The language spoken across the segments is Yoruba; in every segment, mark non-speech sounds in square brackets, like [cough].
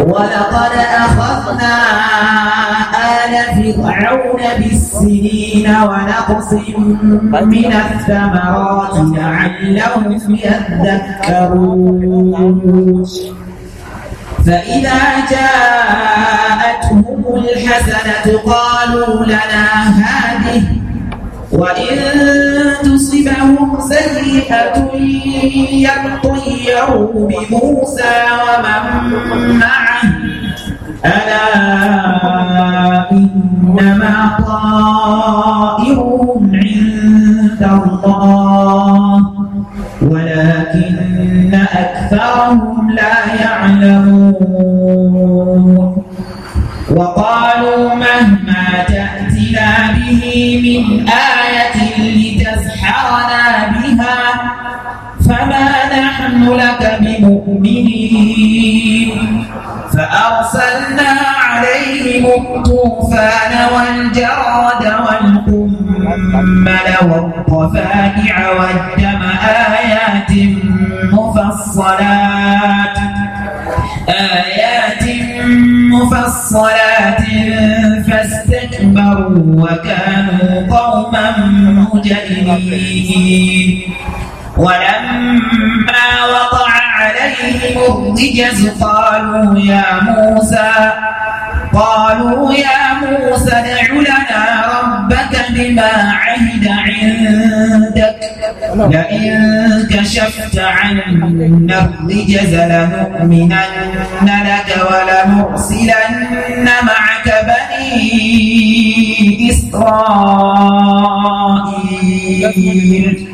ولقد أخذنا آل فرعون بالسنين ونقص من الثمرات لعلهم يذكرون فإذا جاءتهم الحسنة قالوا لنا هذه وإن تصبهم سيئة يطيروا بموسى ومن معه ألا إنما طائرهم عند الله ولكن أكثرهم لا يعلمون من آية لتسحرنا بها فما نحن لك بمؤمنين فأرسلنا عليهم الطوفان والجراد والقمل والضفادع والدم آيات مفصلات آيات مفصلات واستكبروا وكانوا قوما مجرمين ولما وقع عليهم الرجز قالوا يا موسى قالوا يا موسى ادع لنا ربك بما عهد لئن كشفت عنا الرجز لنؤمنن لك ولنرسلن معك بني إسرائيل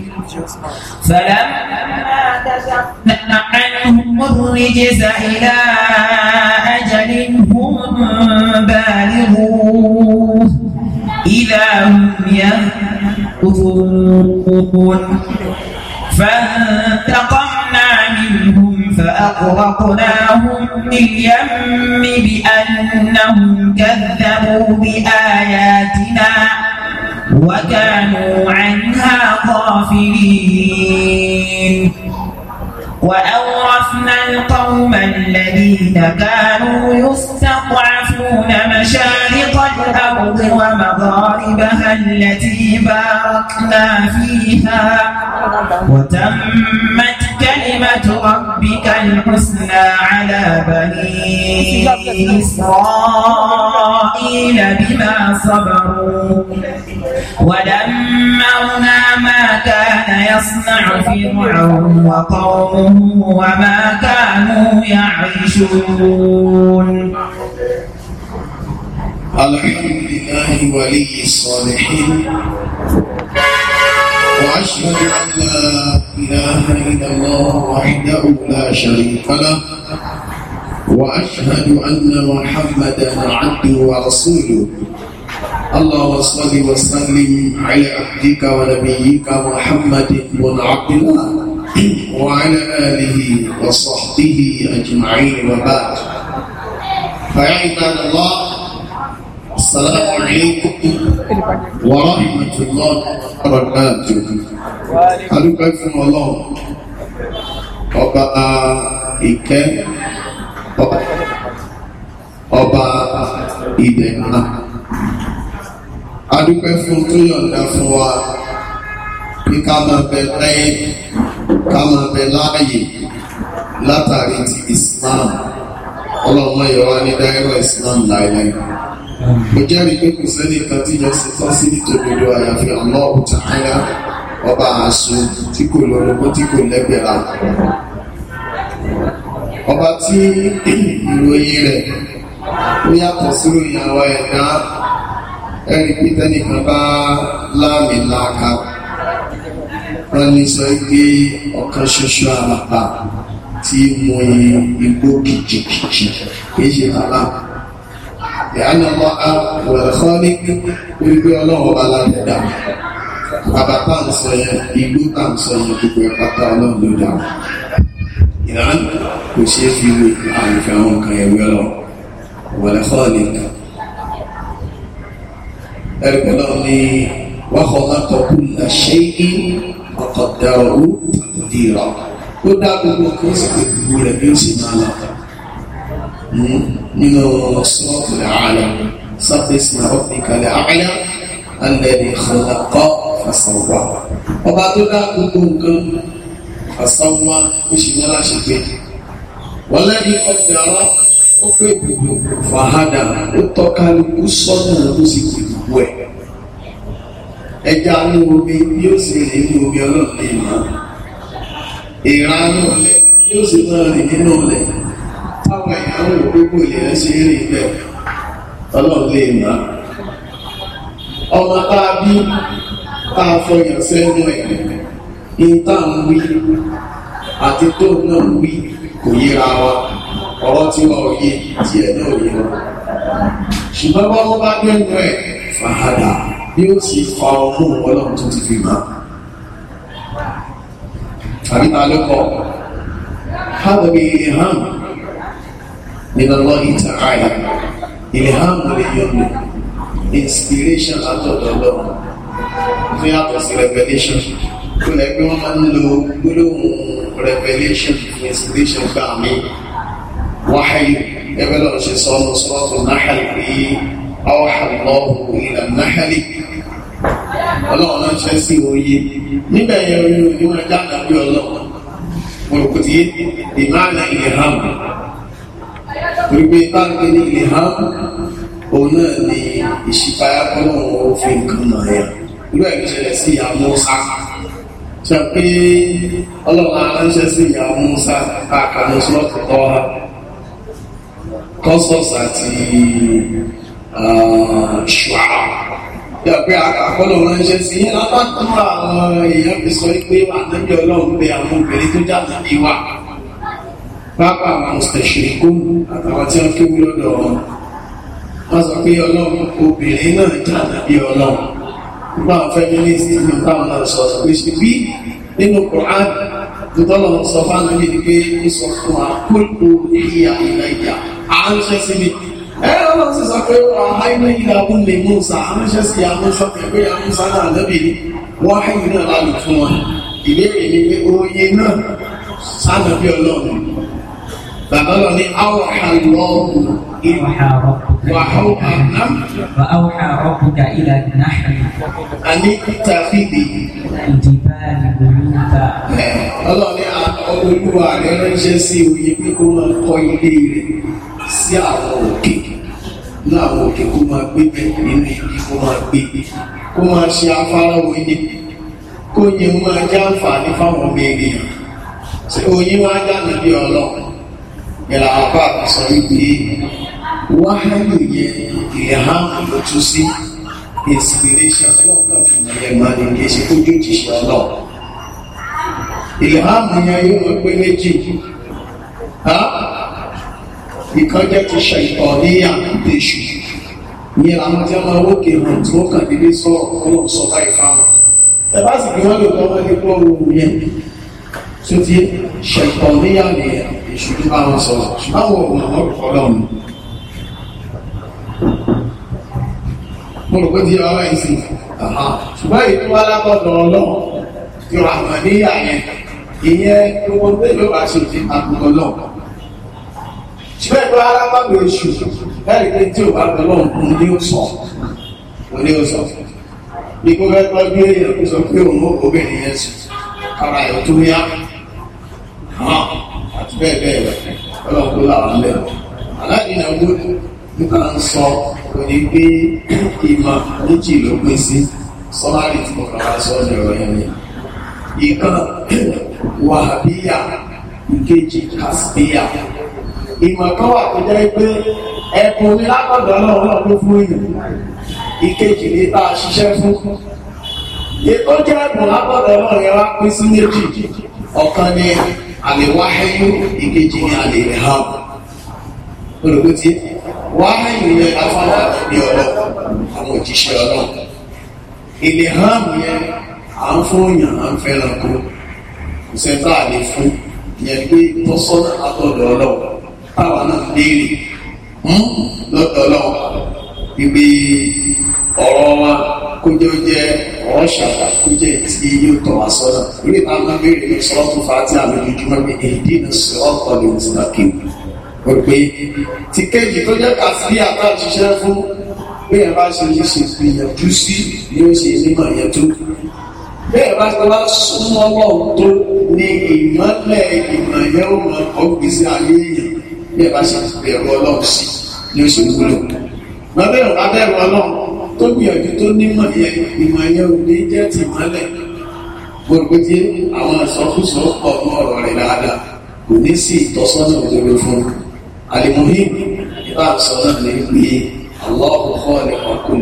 فلما كشفنا عنهم الرجز إلى أجل هم بالغوه إذا هم ينفقون فانتقمنا منهم فأغرقناهم اليم بأنهم كذبوا بآياتنا وكانوا عنها غافلين وأورثنا القوم الذين كانوا يستضعفون مشارق الأرض ومغاربها التي باركنا فيها وتمت كلمة ربك الحسنى على بني إسرائيل بما صبروا ولما يصنع فرعون وقومه وما كانوا يعيشون الحمد لله ولي الصالحين وأشهد أن لا إله إلا الله وحده لا شريك له وأشهد أن محمدا عبده ورسوله اللهم صل وسلم على عبدك ونبيك محمد بن عبد الله وعلى آله وصحبه أجمعين وبعد فعباد الله السلام عليكم ورحمة الله وبركاته أدوكم الله ọba ìkẹ́ ọba ìdẹ̀nà adúpẹ́ fún tó yọ̀ǹda fún wa kí ká máa bẹ láyé ká máa bẹ láàyè látàrí ti Islam ọlọ́mọ ìyọ̀wá ní dáírọ̀ Islam láìláì mo jẹ́rìí pé kò sẹ́ni kan tí yọ sí tọ́ sí nítòdodo àyàfi Allahu Ta'ala ọba àṣù tí kò lórogún tí kò lẹ́gbẹ̀rà ọba tí ìròyìn rẹ̀ ó yàtọ̀ sí ìròyìn àwọn ẹ̀dá ẹni pítẹ́ nìkan bá láàmì láàká wọ́n ní sọ pé ọ̀kan ṣoṣo àlàpà tí mo yin igbó kìjìkìjì kìí ṣe bàbá ìyáná mọ́ àwẹ̀kọ́ ní wípé ọlọ́run bá lábẹ́dà bàbá tá ń sọ yẹn igbó tá ń sọ yẹn gbogbo ìpátá ọlọ́run ló dà ìran kò ṣeé fi wé àìfẹ́ àwọn nǹkan ẹ̀wẹ́ lọ wẹ̀lẹ́kọ́ nìkan ẹgbẹ́ náà ní wàhálàkọ̀ kúlà ṣẹ́yí ọ̀kọ̀dàrú tàkùdìrà ó dá gbogbo kí ó sì pé gbogbo rẹ̀ bí ó sì máa lọ nínú sọ́ọ̀tù ààlà sáfẹ́sì náà ọ̀pẹ̀ ìkàlẹ̀ ààlà alẹ́rẹ̀ ìkọlọ́kọ́ fàṣọwà ọba tó dá gbogbo nǹkan fàṣọwà ó sì ní aláṣẹ pé wọ́n lẹ́yìn ọ̀dàrọ̀ ó pé gbogbo fàhádà ó tọ́ka lóko sọ́nà ló sì gbogbo wẹ̀ ẹja ní omi yóò sì rí ní omi ọlọ́run ní ìmọ̀ ìranú ọ̀lẹ̀ yóò sì máa rìn nínú ọ̀lẹ̀ táwọn ìyàwó gbogbo ìlẹ̀ ṣe rìn bẹ́ẹ̀ ọlọ́run lè mọ̀ ọmọ tá a bí tá a fọyàn sẹ́nu ẹ̀ ní tá à ń wí àti tó náà wí kò yíra wa ọ̀rọ̀ tí wọn ò yé tí ẹ̀ náà yé wa ṣùgbọ́n bá bá dẹ́nu ẹ̀ fàhádà bí ó sì fa ọgbọ́n ọlọ́run tó ti fi máa tàbí ta ló kọ́ hádà bí ilham nílọ́lọ́ ìtàkàyà ilham lè yọ̀nà inspiration látọ̀dọ̀ ọlọ́run fún yàtọ̀ sí revelation tó lẹ́gbẹ́ wọn máa ń lo gbólóhùn revelation inspiration gbà mí wáhàyè ẹgbẹ́ lọ́rọ̀ ṣe sọ́nù sọ́ọ̀tù náà ọ̀hà lọ́wọ́ ìlànà hẹ́lì ọlọ́run náà ṣe sí oyè níbẹ̀ yẹn orí orí wọn dáadáa bí ọlọ́run olùkùtì ìmáàlà ìlẹ̀hàn wípé báńkì ní ìlẹ̀hàn òun náà ni ìṣípayá ọlọ́run òfin nǹkan náà yẹn irú ẹ̀ ṣẹlẹ̀ sí ìyá Mùsá ṣe pé ọlọ́run aránṣẹ́ sí ìyá Mùsá káàkiri sọ́ọ̀tù tọ́ra kọ́sọ̀ọ̀sì àti ṣùgbọ́n yàgbé àkọlù ránṣẹ́ sí yẹn látàkùn àwọn èèyàn fi sọ pé ànábì ọlọ́run pé àwọn obìnrin tó jáde ní wa pápá àwọn mùsùlùmí àtàwọn tí wọ́n kéwú lọ́dọ̀ wọn wọ́n sọ pé ọlọ́run obìnrin náà jáde bí ọlọ́run nígbà wọn feminist ní táwọn náà sọ sọ pé ṣe bí nínú Quran tọ́lọ̀ sọ fáwọn ẹni pé ó sọ fún wa kó lóore ìyá ìlà ìyá à ń ṣe sí mi ẹ̀rọ sì sọ pé àìmọ̀ ìlà kún lè mú sa aránṣẹ́ sí àwọn sọ́kẹ̀ pé àwọn sáná àlẹ́bì ni wọ́n hẹ́yìn náà lálù fún wọn ìbéèrè ni pé oye náà sáná bí ọlọ́run bàbá lọ ní àwọn àlọ́ọ̀kù وأوحى ربك إلى النحل أن اتخذي الجبال بيوتا Ọlọ́run ní àwọn olúwa rẹ̀ ránṣẹ́ sí òye pé láwọn òkè kó máa gbé bẹ̀ nínú ibi kó máa gbé kó máa ṣe afárá oyin kó yẹ máa jẹ́ àǹfààní fáwọn ọmọ ènìyàn tí oyin máa dànù bí ọlọ́run ìlà àbá sọ wípé wáhálù yẹn ìlẹ̀háàmù ló tún sí inspiration lọ́kàn fún ẹ̀yẹ manipulation ojú ìṣẹ́ ọlọ́run ìlẹ̀háàmù yẹn yóò mọ̀ pé méjì ha ìkan jẹ́ ti ṣe ìtọ̀ ní àkútèṣù ní àwọn tí wọ́n ó kè hàn tí wọ́n kàn nílé sọ̀rọ̀ ọlọ́run sọ báyìí fáwọn ẹ bá sì kí wọ́n lè tọ́ wọ́n lè gbọ́ ohun yẹn tó ti ṣe ìtọ̀ ní àlè èṣù tó bá wọn sọ̀rọ̀ ṣùgbọ́n àwọn ọ̀gbọ̀n àwọn olùkọ́ lọ́nu mo rò pé ti ọ̀rọ̀ yìí sì ṣùgbọ́n èyí tó wá lábọ̀dọ̀ ọlọ́run níyà yẹn ìyẹn gbogbo tó yóò bá ṣe ti ṣùgbọ́n ìgbà alábàgbé oṣù láì pé tí ò bá bẹ lọ́n kún ní ó sọ kò ní ó sọ bí kò fẹ́ gbọ́ bí èèyàn kò sọ pé òun ó obìnrin yẹn sùn kára ẹ̀ tó yá àti bẹ́ẹ̀ bẹ́ẹ̀ rẹ̀ ọlọ́pọ̀ làwọn lẹ́wọ̀ aláìníyàn gbọ́dọ̀ nípa ń sọ kò gbé ìmọ̀ méjì ló pín sí sọ́márì tí mo kàwá sọ ní ọ̀rọ̀ yẹn ìkan wàhábíyà ìkejì kàsíbíyà ìmọ̀ kan wà tó jẹ́ pé ẹkùn ní lákọ̀dọ̀ ọlọ́run náà ló fún ìyẹn ìkejì ní bá a ṣiṣẹ́ fún ètò jẹ́ ẹkùn lákọ̀dọ̀ ọlọ́run yẹn wá pín sí méjì ọ̀kan ní àlè wáhẹ́yù ìkejì ní àlè ìhàn olùkó tí wáhẹ́yù yẹn afárá ní ọlọ́run àwọn òjíṣẹ́ ọlọ́run ìlè hàn yẹn à ń fún yàn à ń fẹ́ràn kó kò sẹ́ńtà àlè fún yẹn pé tọ́sọ́nà àtọ̀dọ̀ ọlọ́run káwa náà léèrè lọ́dọ̀ lọ́wọ́ ìgbé ọ̀rọ̀ wa kójó jẹ́ ọ̀rọ̀ ṣàkà kójó tí yóò tọ̀ wá sọ́nà orí ìta máa béèrè ní sọ́rọ́ tó fa tí àmì ojúmọ́ mi èdè ní sọ́rọ́ tọ́lẹ̀ ìtìlákì pé ti kéjì tó jẹ́ kàfí àbá ṣiṣẹ́ fún bí ẹ bá ṣe ṣe gbìyànjú sí ni ó ṣe nímọ̀ yẹn tó bí ẹ bá ṣe wá súnmọ́ lọ́wọ́ tó ní ìmọ́lẹ̀ ìmọ̀ yẹn ó mọ̀ ọ́ gbèsè ayé èèyàn bí ẹ bá ṣe bẹ̀rù ọlọ́run sí ni ó ṣe wúlò wọn bẹ̀rù bá bẹ̀rù ọlọ́run tó gbìyànjú tó nímọ̀ yẹn ìmọ̀ yẹn ò ní jẹ́ tìmọ́lẹ̀ gbogbo tí àwọn ìsọkúsọ pọ̀ mọ́ ọ̀rọ̀ rẹ̀ dáadáa kò ní sí ìtọ́sọ́nà òdodo fún un alimuhim ìbá sọ́nà ní pé Allahu khaliqu kun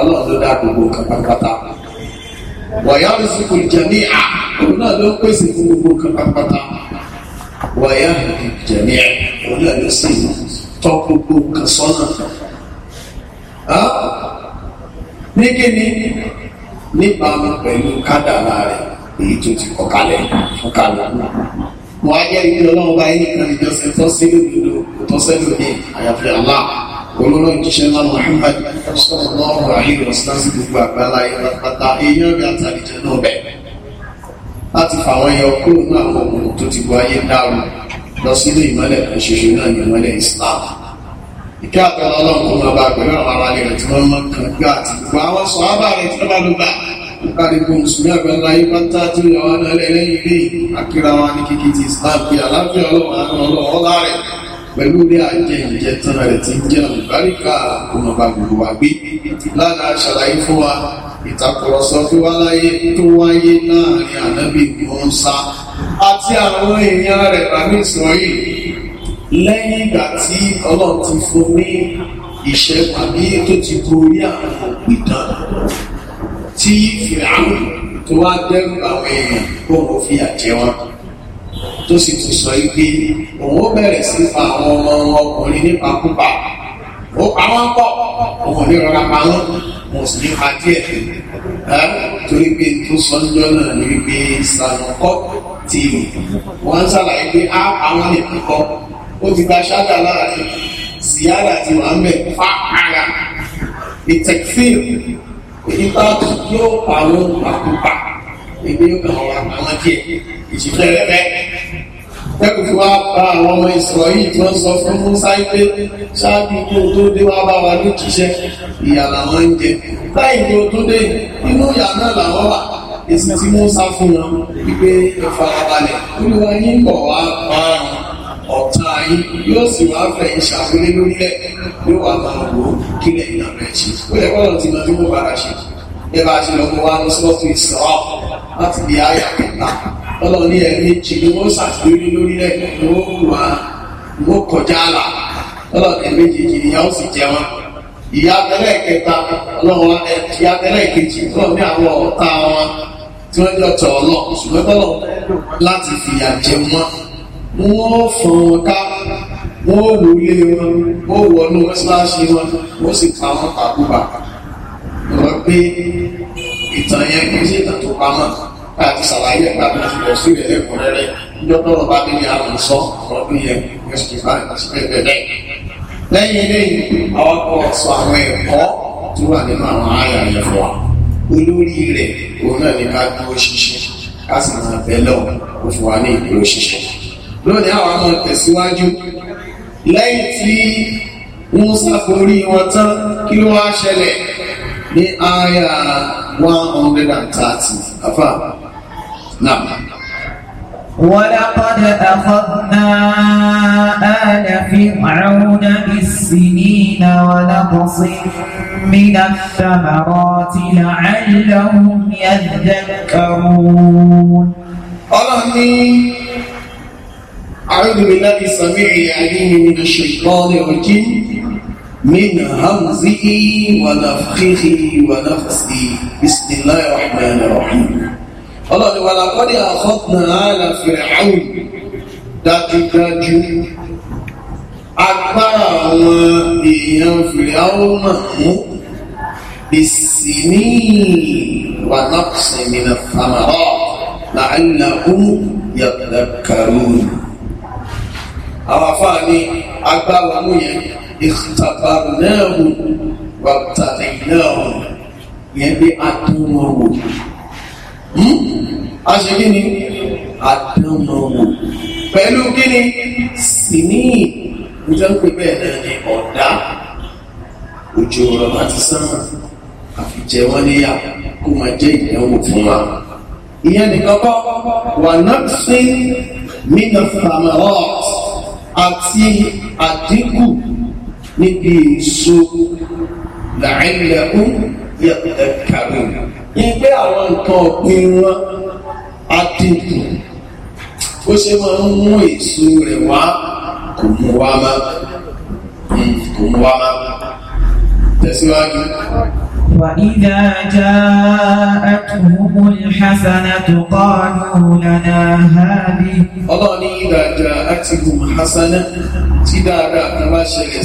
ọlọ́run ló dá gbogbo nǹkan pátápátá ló sì kò jẹ́ ní à òun náà ló pèsè fún gbogbo nǹkan wàyà jẹ̀mí òun náà ló sì tọ́ gbogbo nǹkan sọ́nà. ní kíni níbàámu pẹ̀lú kádàrá rẹ̀ èyí tó ti kọ kalẹ̀ fún kalẹ̀ náà. wọ́n á jẹ́ ìdí ọlọ́run bá yín nìkan ìjọsìn tó sí lòdòdò tó sẹ́lò ní àyàfi àlá olóró ìjíṣẹ́ náà Muhammad sọ̀rọ̀ lọ́rùn àyè lọ́sán sí gbogbo àgbáláyé pátá èèyàn bí àtàlìjẹ́ náà bẹ̀rẹ̀ láti fà wọ́n yọ kúrò ní àwọn ọmọ tó ti gbọ́ ayé dàrú lọ sílé ìmọ́lẹ̀ kan ṣoṣo náà ní ìmọ́lẹ̀ Islam ìkẹ́ àtàlà ọlọ́run tó máa bá pẹ̀lú àwọn ará rẹ̀ tí wọ́n mọ́ kan gbá àti gbogbo àwọn sọ ábà rẹ̀ tí wọ́n bá ló bá kárí gbogbo mùsùlùmí àgbẹ̀lá ayé pátá tí ó yà wọn lẹ́lẹ́ lẹ́yìn ilé àkírà wọn ní kíkí ti Islam pé àlàáfíà ọlọ́run àwọn ọlọ́run ọlá rẹ̀ pẹ̀lú orí àjẹ ìjẹ tán rẹ̀ ti ń jẹ́ àlùbáríkà kò mọ̀ ìtàkùrọ̀sọ tó wá láyé tó wáyé láàrin ànábì Mùsá àti àwọn èèyàn rẹ̀ rami Ísírẹ́lì lẹ́yìn ìgbà tí Ọlọ́run ti fún ní ìṣẹ́ tàbí tó ti gorí àwọn òpìdán tí Fìràwọ̀ tó wá dẹ́rù àwọn èèyàn kó wọ́n fi àjẹ wọn tó sì tún sọ pé òun ó bẹ̀rẹ̀ sí fa àwọn ọmọ ọkùnrin nípa ó pa wọ́n pọ̀ òun ò ní rọra pa wọ́n mùsùlùmí adé ẹ̀ torí pé tó sọ́njọ́ náà ní wípé sànùkọ́ tí wọ́n ṣàlàyé pé á àwọn nìkan kọ́ ó ti gba ṣáàdà láàrin ziyara àti mohammed fa ara ìtẹ̀kfíìr ìta yóò àwọn àkùpà ìgbéyàwó àwọn díẹ̀ ìṣẹ̀lẹ̀ rẹ̀ tẹ́lù fún wa bá àwọn ọmọ ìsọ̀rọ̀yí tí wọ́n sọ fún Mùsá pé ṣáájú kí o tó dé wá bá wa ní jíṣẹ́ ìyà làwọn ń jẹ láì kí o tó dé inú ìyà náà làwọn wà èsì tí Mùsá fún wọn wípé ìfarabalẹ̀ olúwa yín bọ̀ wá bá ọ̀tá yín yóò sì wá fẹ̀ ìṣàkúlé lórílẹ̀ yóò wá máa wò ó kílẹ̀ ìlànà ẹ̀ṣin ó yẹ kọ́lọ̀ tí mo bára ṣe ọlọ́run ẹ̀mí jì ni wọ́n ṣàṣeyọrí lórí rẹ̀ ni wọ́n wà wọ́n kọjá àlà ọlọ́run ẹ̀mí jìjì ìyá ó sì jẹ wọn. ìyá abẹ́rẹ́ ìkẹta ọlọ́run ìyá abẹ́rẹ́ ìkejì ọlọ́run ní àwọn ọ̀tá wọn tí wọ́n jọ tọ̀ ọlọ́run ṣùgbọ́n tọ́lọ̀ láti fìyà jẹ wọn. wọ́n fọ̀n ká wọ́n wò lé wọn wọ́n wọnú mọ́ṣáláṣí wọn wọ́n sì pa wọn pàkúbà. ọ̀rọ̀ pé ìtàn yẹn kì í ṣe ìtàn tó pamọ́ láti ṣàlàyé ẹ̀gbà tó ti lọ sí ilẹ̀ ẹ̀kúnrẹ́rẹ́ ìjọ tọrọ bá dé ní àrùn sọ ọdún yẹn ẹsùn ìfà àti bẹ́ẹ̀ bẹ́ẹ̀ bẹ́ẹ̀. lẹ́yìn eléyìí àwọn kan sọ àwọn ẹ̀kọ́ tó wà nínú àwọn àyà yẹn fún wa olórí rẹ̀ òun náà ní ká dúró ṣinṣin ká sì máa bẹ̀ lọ́wọ́ kó fún wa ní ìdúró ṣinṣin. lónìí àwọn ọmọ tẹ̀síwájú lẹ́yìn tí wọ́n ṣàforí wọn tán kí ló wá ṣẹlẹ̀ ní àyà one hundred and thirty نعم ولقد أخذنا آل فرعون بالسنين ونقص من الثمرات لعلهم يذكرون أرهني أعوذ بالله السميع العليم من الشيطان الرجيم من همزه ونفخه ونفسه بسم الله الرحمن الرحيم ọlọ́ni wà lápọ́dé àkọ́kùnrin ààlà fìràhùn dájúdájú agbára àwọn èèyàn fìràhùn màmú bìsìmí wà nápùsìn nínú àmàrọ̀ làálàhùn yàtàkàrún àwọn afáà ní agbára àwọn yẹn ìtàbàrún náà wò wà tàbí náà yẹn bí a tó wọn wò. Hmm? a kí ni àdánmọ́ wọn pẹ̀lú kí ni sìní ìjọ ń pè bẹ́ẹ̀ náà ni ọ̀dá òjò ọ̀rọ̀ láti sánmà àfi jẹ wọ́n níyà kó máa jẹ́ ìdánwò fún wa ìyẹn nìkan kọ́ wà náà sí mínà fàmọ́ọ̀ àti àdínkù níbi èso làálẹ̀ ẹ̀kàdùn ìgbé àwọn nǹkan ọ̀pìn wọn adínkù ó ṣe máa ń mú èso rẹ̀ wá kò mú wá má hmm, kò mú wá má tẹ̀síwájú. وَإِذَا جَاءَتْهُمُ الْحَسَنَةُ قَالُوا لَنَا هَٰذِهِ Ọlọ́run ní إِذَا جَاءَتْهُمُ الْحَسَنَةُ tí dáadáa kan bá ṣẹlẹ̀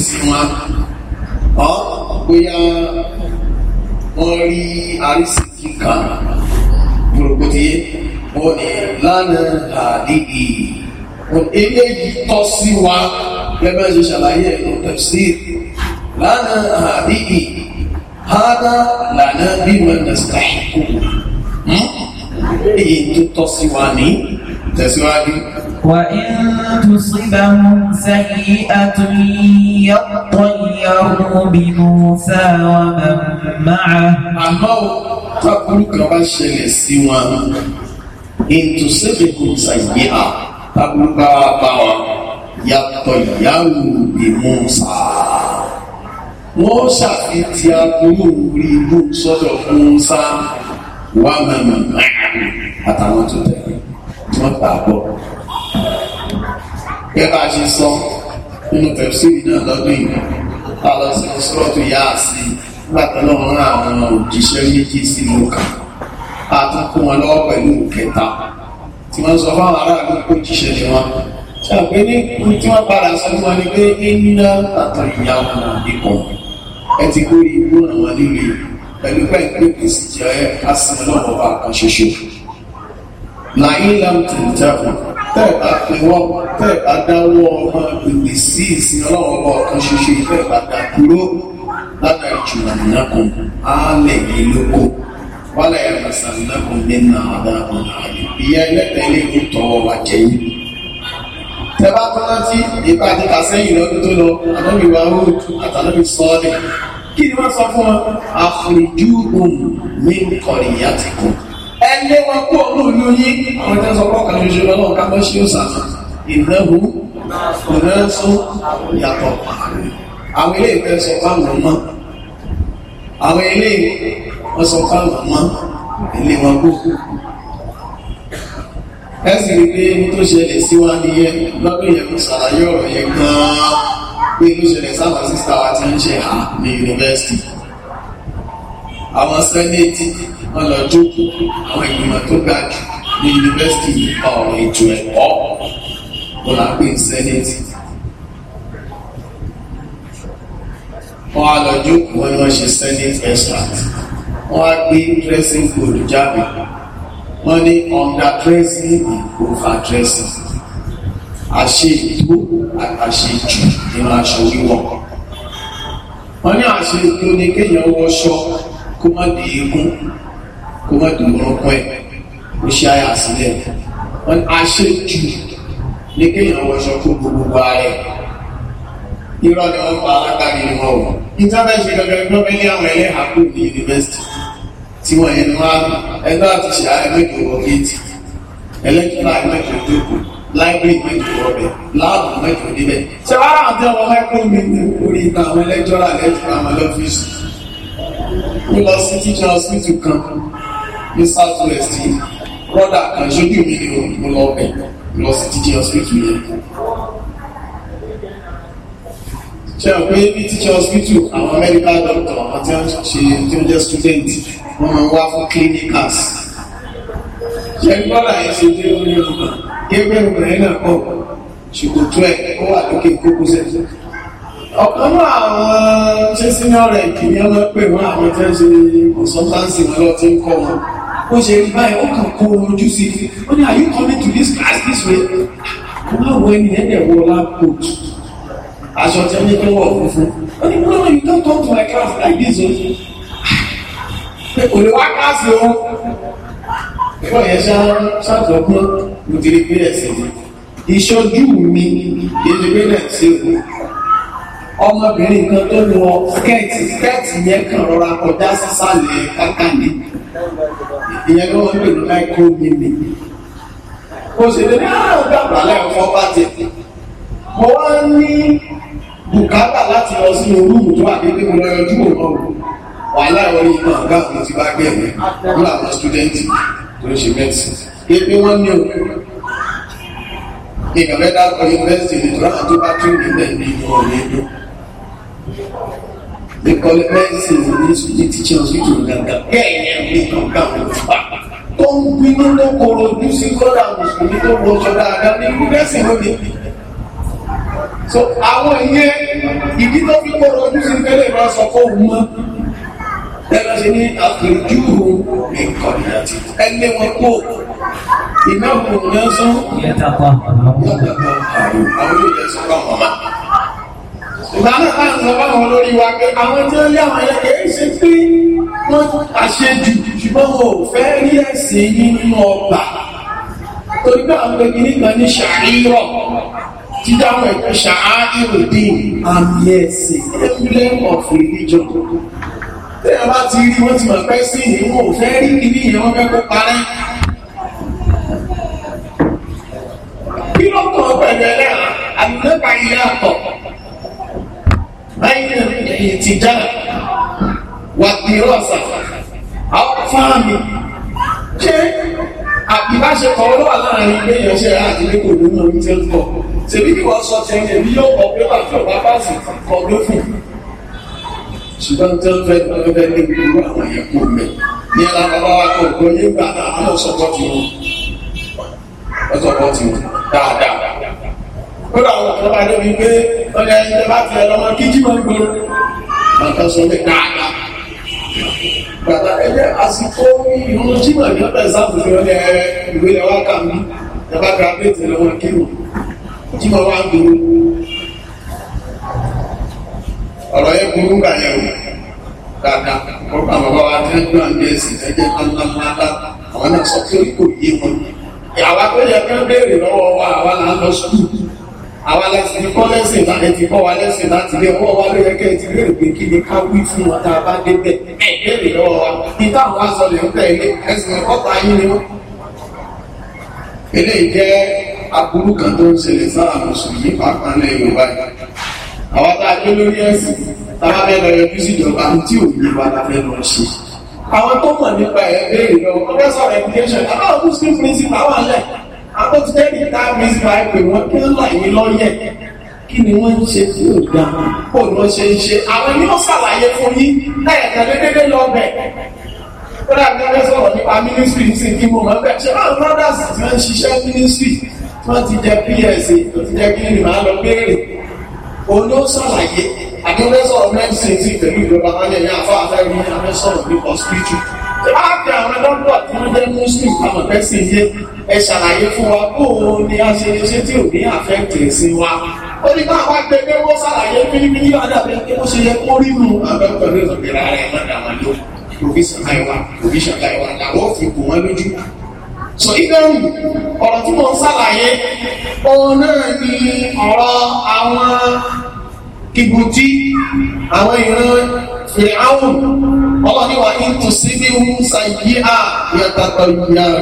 wọ́n rí àrísìkí kan gbòrògbòdìyẹ wọ́n ní lánàá àdìgì wọ́n eléyìí tọ́ sí wa gẹ́gẹ́ ṣe ṣàlàyé ẹ̀rọ tafsir lánàá àdìgì hádà lánàá bí wọn nà sàkókò hmm? èyí tó tọ́ sí wa ní tẹ̀síwájú. wà á tún síbà mú sẹ́yìn àtúnyẹ tọ́yẹ̀wò bí Musa wà máa. àmọ́ tọkùnrin kan bá ṣẹlẹ̀ sí wọn ètò sẹ́fẹ̀kù sàyẹ̀ à tàbùkù bá wọn yàtọ̀ ìyáwó bí Musa wọ́n ṣàfihàn aburú orí inú sọ́dọ̀ Musa wà máa àtàwọn tó tẹ̀lé wọ́n gbàgbọ́. Gẹ́gẹ́ bá a ṣe sọ nínú tẹ̀síìrì náà lọ́dún yìí, bá a lọ sí ọ̀ṣọ́ tó yá àsì látọ̀ náà rán àwọn òjíṣẹ́ méjì sí lóka. A tún kó wọn lọ́wọ́ pẹ̀lú kẹta tí wọ́n sọ fáwọn aráàlú kó jíṣẹ́ ni wọ́n. Ṣàpé ní tí wọ́n padà sọ fún wọn ni pé iná àtọ̀ ìyá wọn ikọ̀ ẹ ti kórè ìlú àwọn nílé pẹ̀lú pẹ̀lú pèsè jẹ́ àsìmọ́ náà wọ́n bá kan ṣoṣo. Na làwọn tẹ̀lẹ́tẹ̀kùn tẹ́ẹ̀ bá pè wọ́n tẹ́ẹ̀ bá dáwọ́ ọmọ ìpè sí ìsìn ọlọ́wọ́ ọmọ ọ̀kan ṣoṣo tẹ́ẹ̀ bá dá dúró lága ìjùlọ nìyàkùn áálẹ̀ yìí lóko wálẹ̀ ẹ̀rọ̀sà nìyàkùn nínú àdáàbọ̀n ààyè ìyá ẹlẹ́tẹ̀lẹ́ kò tọwọ́ wa jẹ yìí. tẹ́ bá tọ́lá tí ipa ti kà sẹ́yìn lọ́dún tó lọ ànábì wa hood àtànábì sọ́ọ̀lì kí ni wọ́n sọ fún ẹ lé wọn kú òun òlu yín àwọn tí wọn sọ pọ́ọ̀kan ṣoṣo lọ́wọ́ ká mọ́ sí òsà ìnáwó ìnáṣó yàtọ̀ àwọn ilé ìfẹ́ sọ fáwọn mọ́ àwọn ilé wọn sọ fáwọn mọ́ ilé wọn kú ẹ sì rí pé ní tó ṣẹlẹ̀ sí wa nìyẹn lọ́dún yẹn kò ṣàlàyé ọ̀rọ̀ yẹn gan-an pé tó ṣẹlẹ̀ sábà sísá wa ti ń ṣe à ní yunifásitì àwọn sẹ́nẹ́tì wọn lọ jókòó àwọn ìgbìmọ̀ tó ga jù ní yunifásitì nípa ọ̀rọ̀ ètò ẹ̀kọ́ wọn là ń pè sẹ́nẹ́tì. wọn á lọ jókòó wọn ni wọn ṣe senate extract wọn á gbé dressing code jáde wọn ní under dressing over dressing àṣe ètò àṣe jù nínú aṣọ wíwọ̀ wọn ní àṣe ètò ni kéèyàn wọṣọ kó má di eégún kó má di orúnkún ẹ̀ ó ṣe àyà sílẹ̀ wọ́n aṣẹ́ jù ní kéèyàn wọṣọ fún gbogbo ààrẹ irọ́ ni wọ́n pa alágbàdì ni wọ́n wọ̀ internet ṣe dandan ẹgbẹ́ mẹ́lẹ́ àwọn ẹlẹ́ àpò ní yunifásitì tí wọ́n yẹn wá ẹgbẹ́ àti ṣe àìmẹ́jọ wọ géètì ẹlẹ́kìlá àìmẹ́jọ dókò láìbírì mẹ́jọ ọbẹ̀ láàbù mẹ́jọ níbẹ̀ ṣé wàá rà àti ọmọ mẹ́kún mi ní orí ìta àwọn ẹlẹ́jọ́ rà lẹ́jọ́ àwọn ẹlẹ́fíìsì mo lọ sí teaching hospital kan ní south west yìí brother kan ṣojú mi ni mo lọ bẹ̀ lọ sí teaching hospital yẹn. ṣe ọ̀ pé ní teaching hospital àwọn medical doctor àwọn tí wọ́n ṣe tí wọ́n jẹ́ student wọ́n máa ń wá fún clinicals. ṣe brother yẹn ṣe dé orí ọ̀gbọ̀n ẹgbẹ́ ọ̀gbọ̀n yẹn náà kọ̀ ṣùgbọ́n tó ẹ̀ ó wà lókè kókó sẹ́sẹ̀ ọ̀kan náà àwọn tí senior rẹ̀ kìíní ọlọ́ pè wọ́n àwọn tí wọ́n ṣe consultancy lọ́wọ́ tí ń kọ́ wọn ó ṣe rí báyìí ó kàn kó ojú sí i ó ní are you coming to this class this way àwọn àwọn ènìyàn dẹ̀ wọ lápòtù aṣọ tí wọ́n ní kí wọ́n funfun ó ní no no you don't come to my class like this o oh. pé kò lè wá kíláàsì o ìwọ̀n yẹn ṣáàtọ̀kún mo ti rí pé ẹ̀sìn ìṣojú mi kì í ṣe pé náà ṣe ọmọbìnrin kan tó wọ skẹ́ẹ̀tì skẹ́ẹ̀tì yẹn kan rọra kọjá sísàlẹ̀ káká ni ìyẹn ló ń pèlú láìkó mímì mo sì ní àrùn ah, dàgbà lẹ́ẹ̀kọ́ bá ti mo wá ní bùkátà láti lọ sí orúùmù tó wà nílé mo lọ yọjú mọ̀ náà wà láwọn ìgbà ọ̀gá mi ti bá gbé mi wọ́n làwọn sítúdẹ́ǹtì tó ń ṣe mẹ́tì ebi wọ́n ní òkú ìgbàlódé àgbà yunifásitì nítorí àti bá tún nílẹ̀ ní ìlú ọ̀nà ìlú because medicine we use to teach us you to gangan bẹ́ẹ̀ ni ẹ̀mí gangan kò fà tó ń bínú tó koro ojú sí kọ́dà mùsùlùmí tó wọ ọṣọ dáadáa ní irú mẹ́sìn lónìí. so àwọn ìyẹn ìdí tó fi koro ojú sí kẹ́lẹ́ máa sọ fún òun mọ́ ẹ̀rọ ṣe ní àpèjúwò nǹkan ìyàtì ẹgbẹ́ wọn kó ìnáwó ìyẹn sún yẹtàpá àwọn àwọn yóò yẹ sọ fún àwọn máa ìgbà náà bá ń lọ bá wọn lórí wa pé àwọn tí ó yá wọn yẹ kì í ṣe pé wọ́n àṣejù ṣùgbọ́n wọn ò fẹ́ rí ẹ̀sìn nínú ọgbà torí pé àwọn pẹ̀lú nígbà ní ṣàríyọ̀ jíjá àwọn ẹ̀kọ́ ṣàáìrò àmì ẹ̀sìn emblem of religion tẹ́ bá ti rí wọ́n ti mọ̀ pẹ́ sí ìwọ̀n ò fẹ́ rí kìíní ìyẹn wọ́n fẹ́ kó parẹ́ kí ló kàn pẹ̀lú ẹlẹ́rìn أين الاحتجاج والدراسة أو فهم شيء àbíbáṣepọ̀ ló wà láàrin ilé ìyànṣẹ́ àti ilé kò lóun orí tẹ́ ń kọ̀ tèmi kí wọ́n sọ ti ẹni èmi yóò kọ pé bàtí ọ̀bá bá sì kọ ló fún ṣùgbọ́n tó ń fẹ́ lọ́fẹ́ ní gbogbo àwọn èèyàn kò mẹ́ ní ẹ̀la bàbá wa kò gbọ́ nígbà náà àwọn ọ̀sọ̀kọ̀ ti wọn ọ̀sọ̀kọ̀ ti wọn dáadáa kódà àwọn àkàrà bá débi pé ọ̀nà ẹ̀yìn bá fi ẹ̀rọ ọmọ kíjí máa ń gbòòrò bàtà sọ pé dáadáa bàtà ẹgbẹ́ àsìkò ìrún jímọ̀ ní ọ̀dà ìsáàbùsọ ọ̀nà ìwé ẹ̀wà kàmí ẹ̀bá gàbẹ́tì lọ́wọ́ kírun jímọ̀ wá ń gbòòrò ọ̀rọ̀ yẹn burú gbà yẹn o dáadáa wọ́n bá bàbá wa tẹ́ gbọ́n ní ẹ̀sìn ẹ̀jẹ̀ ńláńlá àwọn náà sọ pé kò yé wọn. ìyàwó akẹ́yẹ kan béèrè lọ́wọ́ wa àwa là ń lọ sùkúù àwa lẹ́sìn ní kọ́ lẹ́sìn láti ti kọ́ wa lẹ́sìn láti ilé ọwọ́ wa ló kẹ́ ẹ ti lérò pé kí ni ká wí fún wọn tá a bá dé bẹ̀ ẹ̀ léèrè lọ́wọ́ wa ní táwọn wá lè ń bẹ̀ ilé ẹ̀sìn ọ̀pá yín ni wọ́n. eléyìí jẹ́ aburú kan tó ń ṣẹlẹ̀ sáà mùsùlùmí pàápàá lẹ́yìn yorùbá yìí àwọn tá a dé lórí ẹ̀sìn táwa fẹ́ lọ yọjú síjọba tí ò ní wa la fẹ́ lọ ṣe àwọn tó mọ̀ nípa ẹ̀ àtọ́tẹ́rì tá a miss by pé wọ́n kí ń là yín lọ́yẹ̀ kí ni wọ́n ń ṣe tí ò dá kó lọ ṣe ń ṣe àwọn yóò ṣàlàyé fún yín lẹ́ẹ̀kan dédédé lọ bẹ̀. kódà bí wọ́n sọ̀rọ̀ nípa mínísírì ní sìnkí mo máa ń bẹ̀ ṣe báwọn brothers ti máa ń ṣiṣẹ́ mínísírì tí wọ́n ti jẹ ps tó ti jẹ kí ni màá lọ béèrè. òun ló ṣàlàyé àdúgbẹ́sọ̀rọ̀ mẹ́sìn tí pẹ̀lú ìjọba wọn lè ẹ ṣàlàyé fún wa bóun ni a ṣe lè tí ò ní àfẹ́ǹtì ẹ̀sìn wa ó ní bá àwọn àgbẹ̀ pé wọ́n ṣàlàyé bíríbírí àdàbẹ̀ pé ó ṣe yẹ kó rínú àbẹ̀ pẹ̀lú ìrọ̀lẹ́ra rẹ̀ mọ́dàmọ́ ló provision láìwá provision láìwá làwọn fi kù wọ́n lójú so ibẹ̀rù ọ̀rọ̀ tí mo ń ṣàlàyé òun náà ni ọ̀rọ̀ àwọn kìbùtì àwọn ìran fìràwùn ọlọ́ ní wà ní tòsí ní musa yìí à yàtàtọ̀ yàrá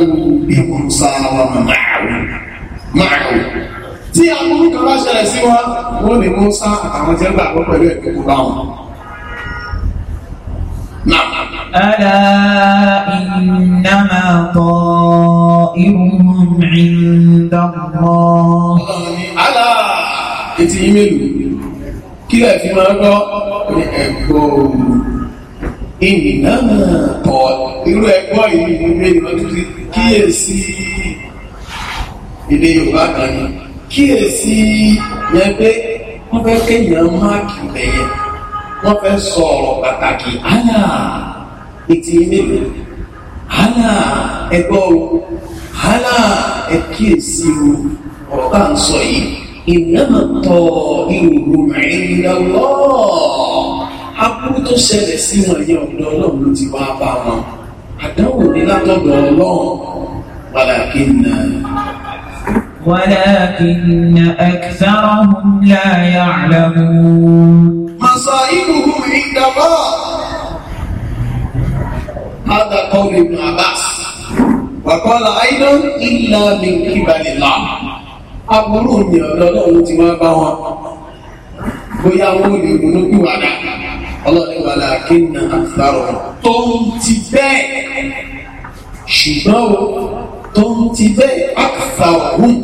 bí musa wà máàwù máàwù tí aburú kan bá ṣẹlẹ̀ sí wa wọ́n ní musa àtàwọn jẹ́ gbàgbọ́ pẹ̀lú ẹ̀kọ́ kó bá wọn. ألا إنما طائرهم عند الله ألا إتي ملو kílẹ̀ fi máa gbọ́ ní ẹ̀gbọ́ ìnìyàn náà kọ̀ irú ẹ̀gbọ́ yìí ní ilé ìwọ́n tó ti kíyèsí ilé Yorùbá kan ni kíyèsí yẹn pé wọ́n fẹ́ kéèyàn máàkì lẹ́yẹ wọ́n fẹ́ sọ pàtàkì hánà ètí ilé hánà ẹ̀gbọ́ hánà ẹ̀kíyèsí ọ̀rọ̀ tá ń sọ yìí ìnáma tọ̀ ìrùrù ẹ̀yìnlá lọ́ aburú tó ṣẹlẹ̀ sí wọn yẹn ọ̀dọ̀ ọlọ́run ló ti wá bá wọn àdánwò ní látọ̀dọ̀ ọlọ́run wàlàkì nà. ولكن أكثرهم لا يعلمون مصائبهم عند الله هذا قول ابن عباس وقال أيضا إلا من قبل الله aburú ni ọ̀dọ̀ ọlọ́run ti máa bá wọn bóyá wọn ò lè ronú bí wàdà ọlọ́run wà láàkí na àfárọ̀ tó ń ti bẹ́ẹ̀ ṣùgbọ́n o tó ń ti bẹ́ẹ̀ àfàwọ̀hún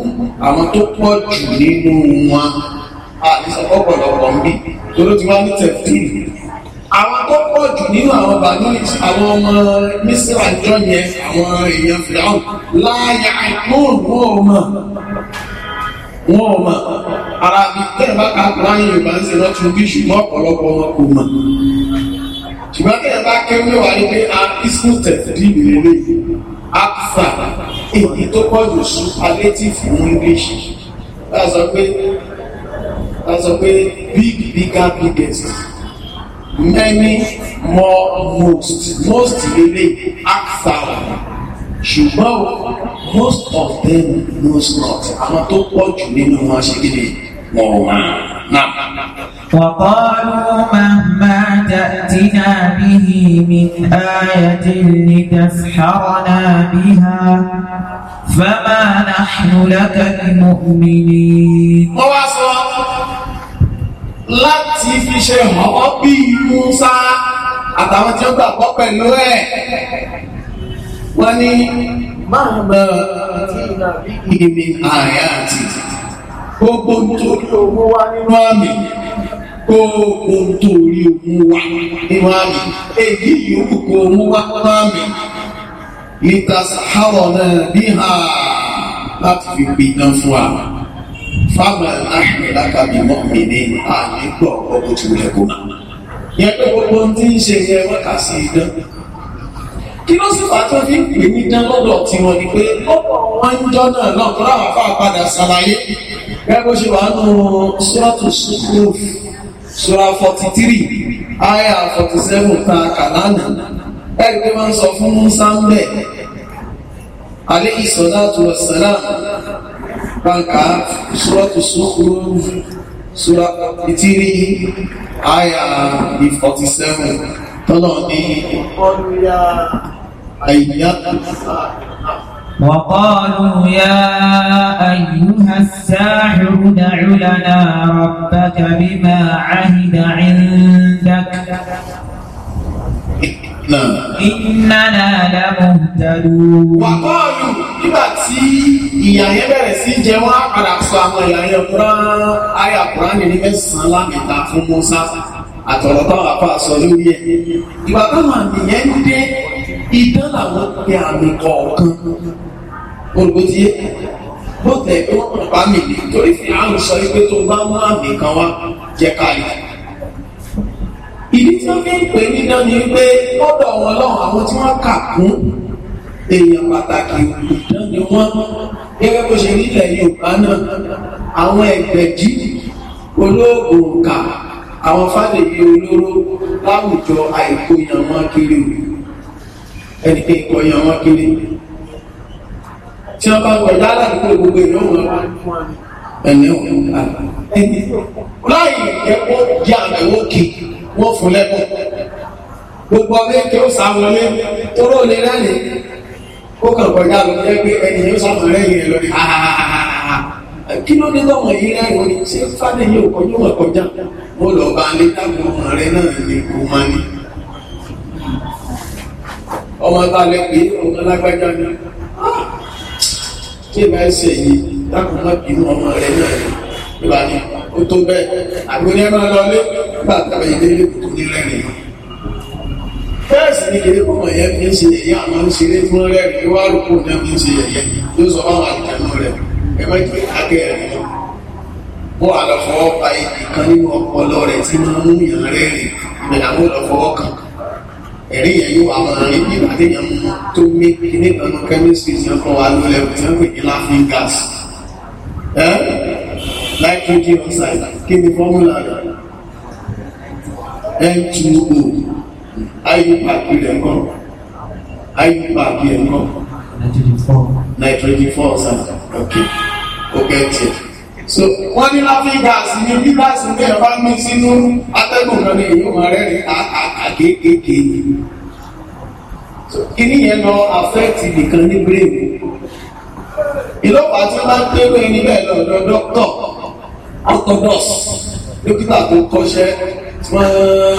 àwọn tó pọ̀ jù nínú wọn àìsàkọ́pọ̀lọpọ̀ ń bí torí ti wá ní tẹ̀fìlì àwọn tó pọ̀ jù nínú àwọn banoit àwọn ọmọ mísírà jọ yẹn àwọn èèyàn fìlà láàyè àìmọ́ wọn ò mọ̀ ara bí tẹ́lẹ̀ bá ka kúrán yorùbá ń ṣe lọ́tún bí ṣùgbọ́n ọ̀pọ̀lọpọ̀ wọn kò mọ̀ ṣùgbọ́n tẹ́lẹ̀ bá kéwọ́n yóò wáyé pé a ismu tẹ̀sídì ìrẹ̀lẹ̀ apsa èyí tó pọ̀ jù superlative in English láti pé láti pé big bigger biggest many more most most ìrẹ̀lẹ̀ apsa ṣùgbọ́n most of them knows not àwọn tó pọ̀ jù nínú wọn ṣe kí ni wọn ò máa náà. وقالوا مهما تأتنا به من آية لتسحرنا بها فما نحن لك بمؤمنين. wọ́n wá sọ láti fi ṣe hàn ọ́ bí Musa àtàwọn tí ó gbàgbọ́ pẹ̀lú ẹ̀ wọ́n ní máa mọ̀ tí ìnàbí ìmì àyà àti gbogbo nítorí owó wá nínú àmì gbogbo nítorí owó wá nínú àmì èyí yòókù kò mú wá nínú àmì litasaharọ̀ náà bí ha láti fi gbìdán fún wa fáwọn aláṣẹ lákàbí mọ́mí ní àyíkọ̀ ọkọ̀ tí lẹ́kọ̀ọ́ yẹn tó gbogbo ti ń ṣe yẹ wọ́n ìdán kí ló sì fà tó fi ń pè mí dán lọ́dọ̀ tiwọn ni pé lọ́dọ̀ wọn ń jọ́ náà náà tó láwọn afá padà ṣàlàyé gẹ́gẹ́ bó ṣe wà nù sọ́ọ̀tù sùkúrù sura forty three aya forty seven ta kàlánà ẹ̀rí pé wọ́n ń sọ fún Musa ń bẹ̀ alayhi salatu wassalam bàǹkà sọ́ọ̀tù sùkúrù sura forty three aya forty seven tọ́lọ̀ ní ìkọ́lùyà àìyá وقالوا يا أيها الساحر دع لنا ربك بما عهد عندك إننا لمهتدون وقالوا nígbà tí ìyà yẹn bẹ̀rẹ̀ sí jẹ wọ́n á padà sọ àwọn ìyà yẹn kúrán ayà kúrán ní mẹ́sàn-án lámìta fún mọ́sá àtọ̀rọ̀ táwọn afá sọ lórí ẹ̀ ìgbà táwọn àmì yẹn dé idán làwọn pe àmì kọ̀ọ̀kan olùgbòtiyé wọ́n tẹ̀ pé wọ́n pọ̀ bá mi lè torí fi àrùn sọ wípé tó bá mú àmì kan wá jẹ́ ká lè. ìdí tí wọ́n fi ń pè nídán ni wípé ọ̀dọ̀ wọn lọ́wọ́ àwọn tí wọ́n kà kún èèyàn pàtàkì ìdán ni wọ́n gẹ́gẹ́ bó ṣe nílẹ̀ Yorùbá náà àwọn ẹgbẹ̀jì olóògùn kà àwọn fàdèyí olóró láwùjọ àìkóyàn wọn kiri ẹni pé ìkọyàn wọn kiri tí wọn bá kọjá aládùúgbò gbogbo ìlú wọn ẹni òun àti láì ẹ̀kọ́ jẹ àbẹ̀wò kì wọn fún lẹkọ gbogbo ọmọ ẹkẹ ó sàmọlé tóró lè lẹ́yìn ó kàn kọjá lọ jẹ pé ẹni yóò sàmọlé yìí lọ ní ha ha ha ha kí ló dé tọmọ yìí rẹ́rìn ni ṣé fàdéyìn ò kọjú mọ̀ kọjá mo lọ bá lé táwọn ọmọ rẹ náà ní kó má ní. ọmọ bá lẹ pé ọmọ lágbájá ni tí ìbá ẹsẹ̀ yìí dákun má bínú ọmọ rẹ náà ní ìbá ní o tó bẹ́ẹ̀ àgbẹ̀ni ẹ máa lọlé nígbà táwọn ìdílé lè kú ní rẹ́rìn. bẹ́ẹ̀sì ni kìí kọ́mọ yẹn fi ń ṣe yẹ̀yẹ́ àwọn ń ṣeré fún rẹ́rìn wá rúkú náà fi ń ṣe yẹ̀yẹ́ yóò sọ fáwọn àgbẹ̀ náà ẹgbẹ́ pé agẹ́ rẹ̀ lọ ó wà pa ibi kan nínú ọpọlọ rẹ̀ tí máa mú yàn rẹ̀ rìn ìbẹ̀rẹ̀ àwọn lọ kan ẹ̀rí yẹn yóò wà máa rí bí ìbàdí yẹn mú tó mí ní ìlànà chemistry yẹn fún wa lólẹ̀ tí wọ́n pè ní laughing gas nitrogen oxide kí ni formula rẹ̀ n2o iupac rẹ̀ ń kọ́ iupac rẹ̀ ń kọ́ nitrogen four oxide okay ó gẹ̀ẹ́tì so wọ́n ní laughing gas ní bí gas ń bẹ̀rẹ̀ bá mí sínú atẹ́gùn kan ní ìlú rẹ̀ ní àkékèké ni kíní yẹn lọ affect nìkan ní brain ìlọ́pàá tí wọ́n bá ń gbé wẹ́n níbẹ̀ lọ́dọ̀ dọ́kítọ̀ orthodox dókítà tó kọ́ṣẹ́ tí wọ́n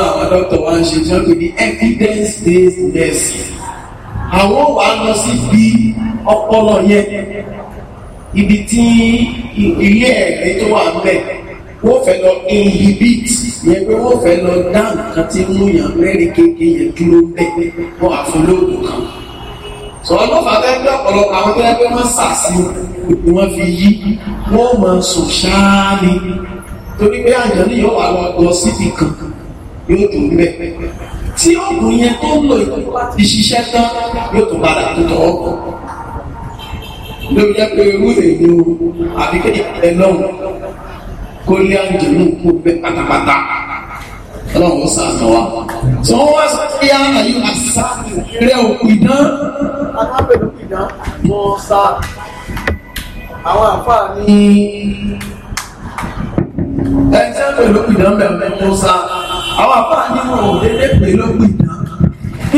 àwọn dọ́kítọ̀ wa ń ṣe tí wọ́n pè ní evidence based medicine àwọn wà lọ sí bí ọpọlọ yẹn ibi tí ilé ẹ̀gbẹ́ tó wà ń bẹ̀ wọ́n fẹ́ lọ inhibit yẹn pé wọ́n fẹ́ lọ dá nǹkan tí mú yàn mẹ́rin kéèké yẹn dúró bẹ́ẹ̀ wọ́n àfọlóògùn kan sọ̀rọ̀ ló bẹ́ẹ̀ bí ọ̀pọ̀lọpọ̀ àwọn tó yẹ pé wọ́n sàṣì ni wọ́n fi yí wọ́n máa sùn ṣáá ni torí pé àjọyọ̀ yóò wà lọ lọ síbi kan yóò dùn bẹ́ẹ̀ tí oògùn yẹn tó ń lò ìpínlẹ̀ tán yóò tún padà tó tọ́ ọkọ̀ ló jẹ́ pé irú èyí o àbí kéèyàn ẹ lọ́hùn kó lé àjẹmú kó bẹ pátápátá ọlọ́run sàánà wa tí wọ́n wá sọ pé àyè àṣà rẹ̀ òkú idán. alábẹ̀rù idán mọ sa àwọn àfáà ní. ẹ̀jẹ̀ pẹ̀lú idán bẹ̀rẹ̀ mọ sa àwọn àfáà ní wọn ò dédé pẹ̀lú idán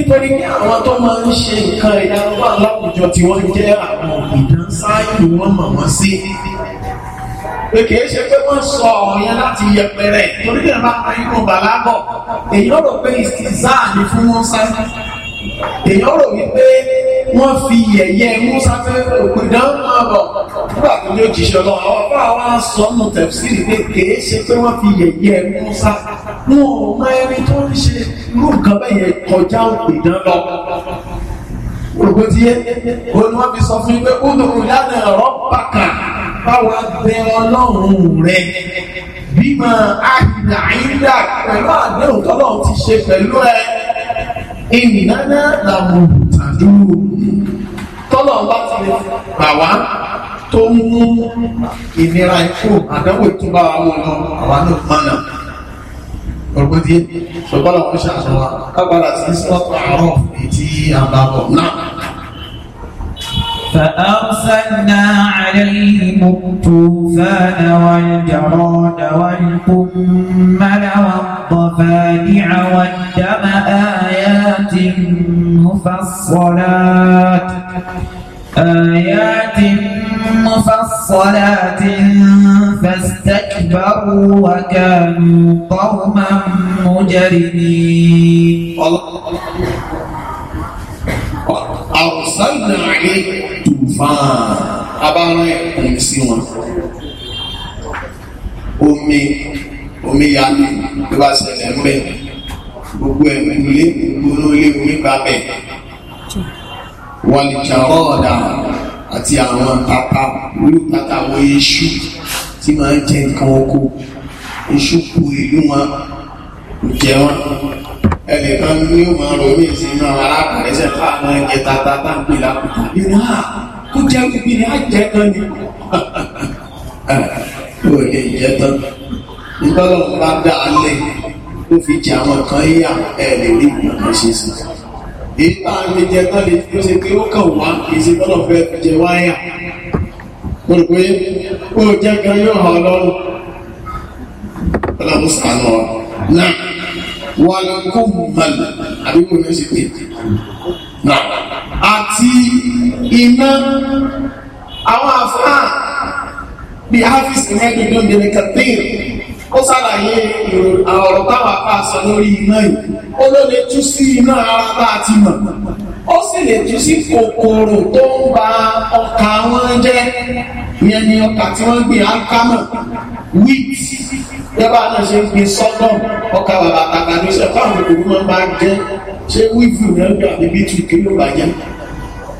nítorí pé àwọn tó máa ń ṣe nǹkan ìdánwà láwùjọ tí wọ́n jẹ́ àwọn ìdánsáyìn wọ́n mọ̀ wọ́n sí pé kìí ṣe pé wọ́n sọ ọ̀rọ̀ yẹn láti yẹpẹrẹ torí náà bá ayé kan bàlágọ̀ èyí ó rò pé ìsìnzá ni fún wọn sáré èèyàn rò wípé wọ́n fi yẹ̀yẹ́ musa fẹ́ òpìdán máa bọ̀ nígbà tó ní òjìṣẹ́ lọ àwọn bá wa sọ nù tẹ̀síìrì pé kèé ṣe pé wọ́n fi yẹ̀yẹ́ musa wọn ò mọ ẹni tó ń ṣe irú nǹkan bẹ́ẹ̀ yẹn kọjá òpìdán lọ gbogbo ti yé o ni wọ́n fi sọ fún pé ó dùn ìlànà ọ̀rọ̀ bàkà báwa bẹ ọlọ́run rẹ bímọ àyìnlá àyìnlá pẹ̀lú àdéhùn tọ́lọ́run ti ṣe pẹ̀lú ẹ ìnìyànà làwọn olùtàdúró tọ́lọ̀ bá ti lè gbà wá tó ń mú ìnira ikú àdánwò ìtúbà àwọn ọ̀nà àwọn náà mọ̀nà ọ̀gbọ́n tí ṣọ̀gbọ́n làwọn ṣàṣọ wa lágbára sí sọ́tọ̀ àárọ̀ ètí àbábọ̀ náà. فأرسلنا عليهم الطوفان والجراد والقمل والضفادع والدم آيات مفصلات آيات مفصلات فاستكبروا وكانوا قوما مجرمين أرسلنا عليك طوفان أبارك أمسيون أمي omi yanu ló bá gbogbo ẹ̀mí ilé gbogbo ilé onígbà bẹ̀. wàlìjà ọ̀ọ́dà àti àwọn tata olú tata wọ iṣu tí máa ń jẹ nǹkan oko iṣu ku ìlú wọn jẹ wọn ẹnìkan ní ó máa rọ mí sínú àwọn alákàrẹsẹ̀ fáwọn ah, ẹ̀jẹ̀ tata tá ń pè lápùtà nínú àá kó jẹ́ kúbi ní àjẹ́ kan ni [laughs] ó lè jẹ́ tán nítorí wọn bá dá a lẹ́yìn ó fi jẹ àwọn kan yíyà ẹ̀ lè rí nǹkan ṣe sí èyí tá a fi jẹ tán lè tó ṣe pé ó kàn wá kì í ṣe tọ́lọ̀ fẹ́ jẹ wáyà mo rò pé ó jẹ́ kan yóò hàn lọ́rùn ọlọ́run sànù ọ náà wà lóko mọ̀lẹ̀ àbí kò ní ṣe pé náà àti iná àwọn àfáà bíi hafiz ìmẹ́gbẹ̀dọ́ ìdẹ́nìkan tẹ́yìn ó ṣàlàyé ọ̀rọ̀ táwọn apá sọ lórí iná yìí ó ló lè tú sí iná ara bá a ti mọ̀ ó sì lè tú sí kòkòrò tó ń ba ọkà wọn jẹ́ ìyẹn ni ọkà tí wọ́n gbìn alkamọ̀ wheat yẹ́bà náà ṣe ń gbin sọ́dọ̀ ọkà bàbà tàbí àdúṣe fáwọn òkú máa bá jẹ́ ṣé wíìfù náà gbà níbi tù kí ló bàjẹ́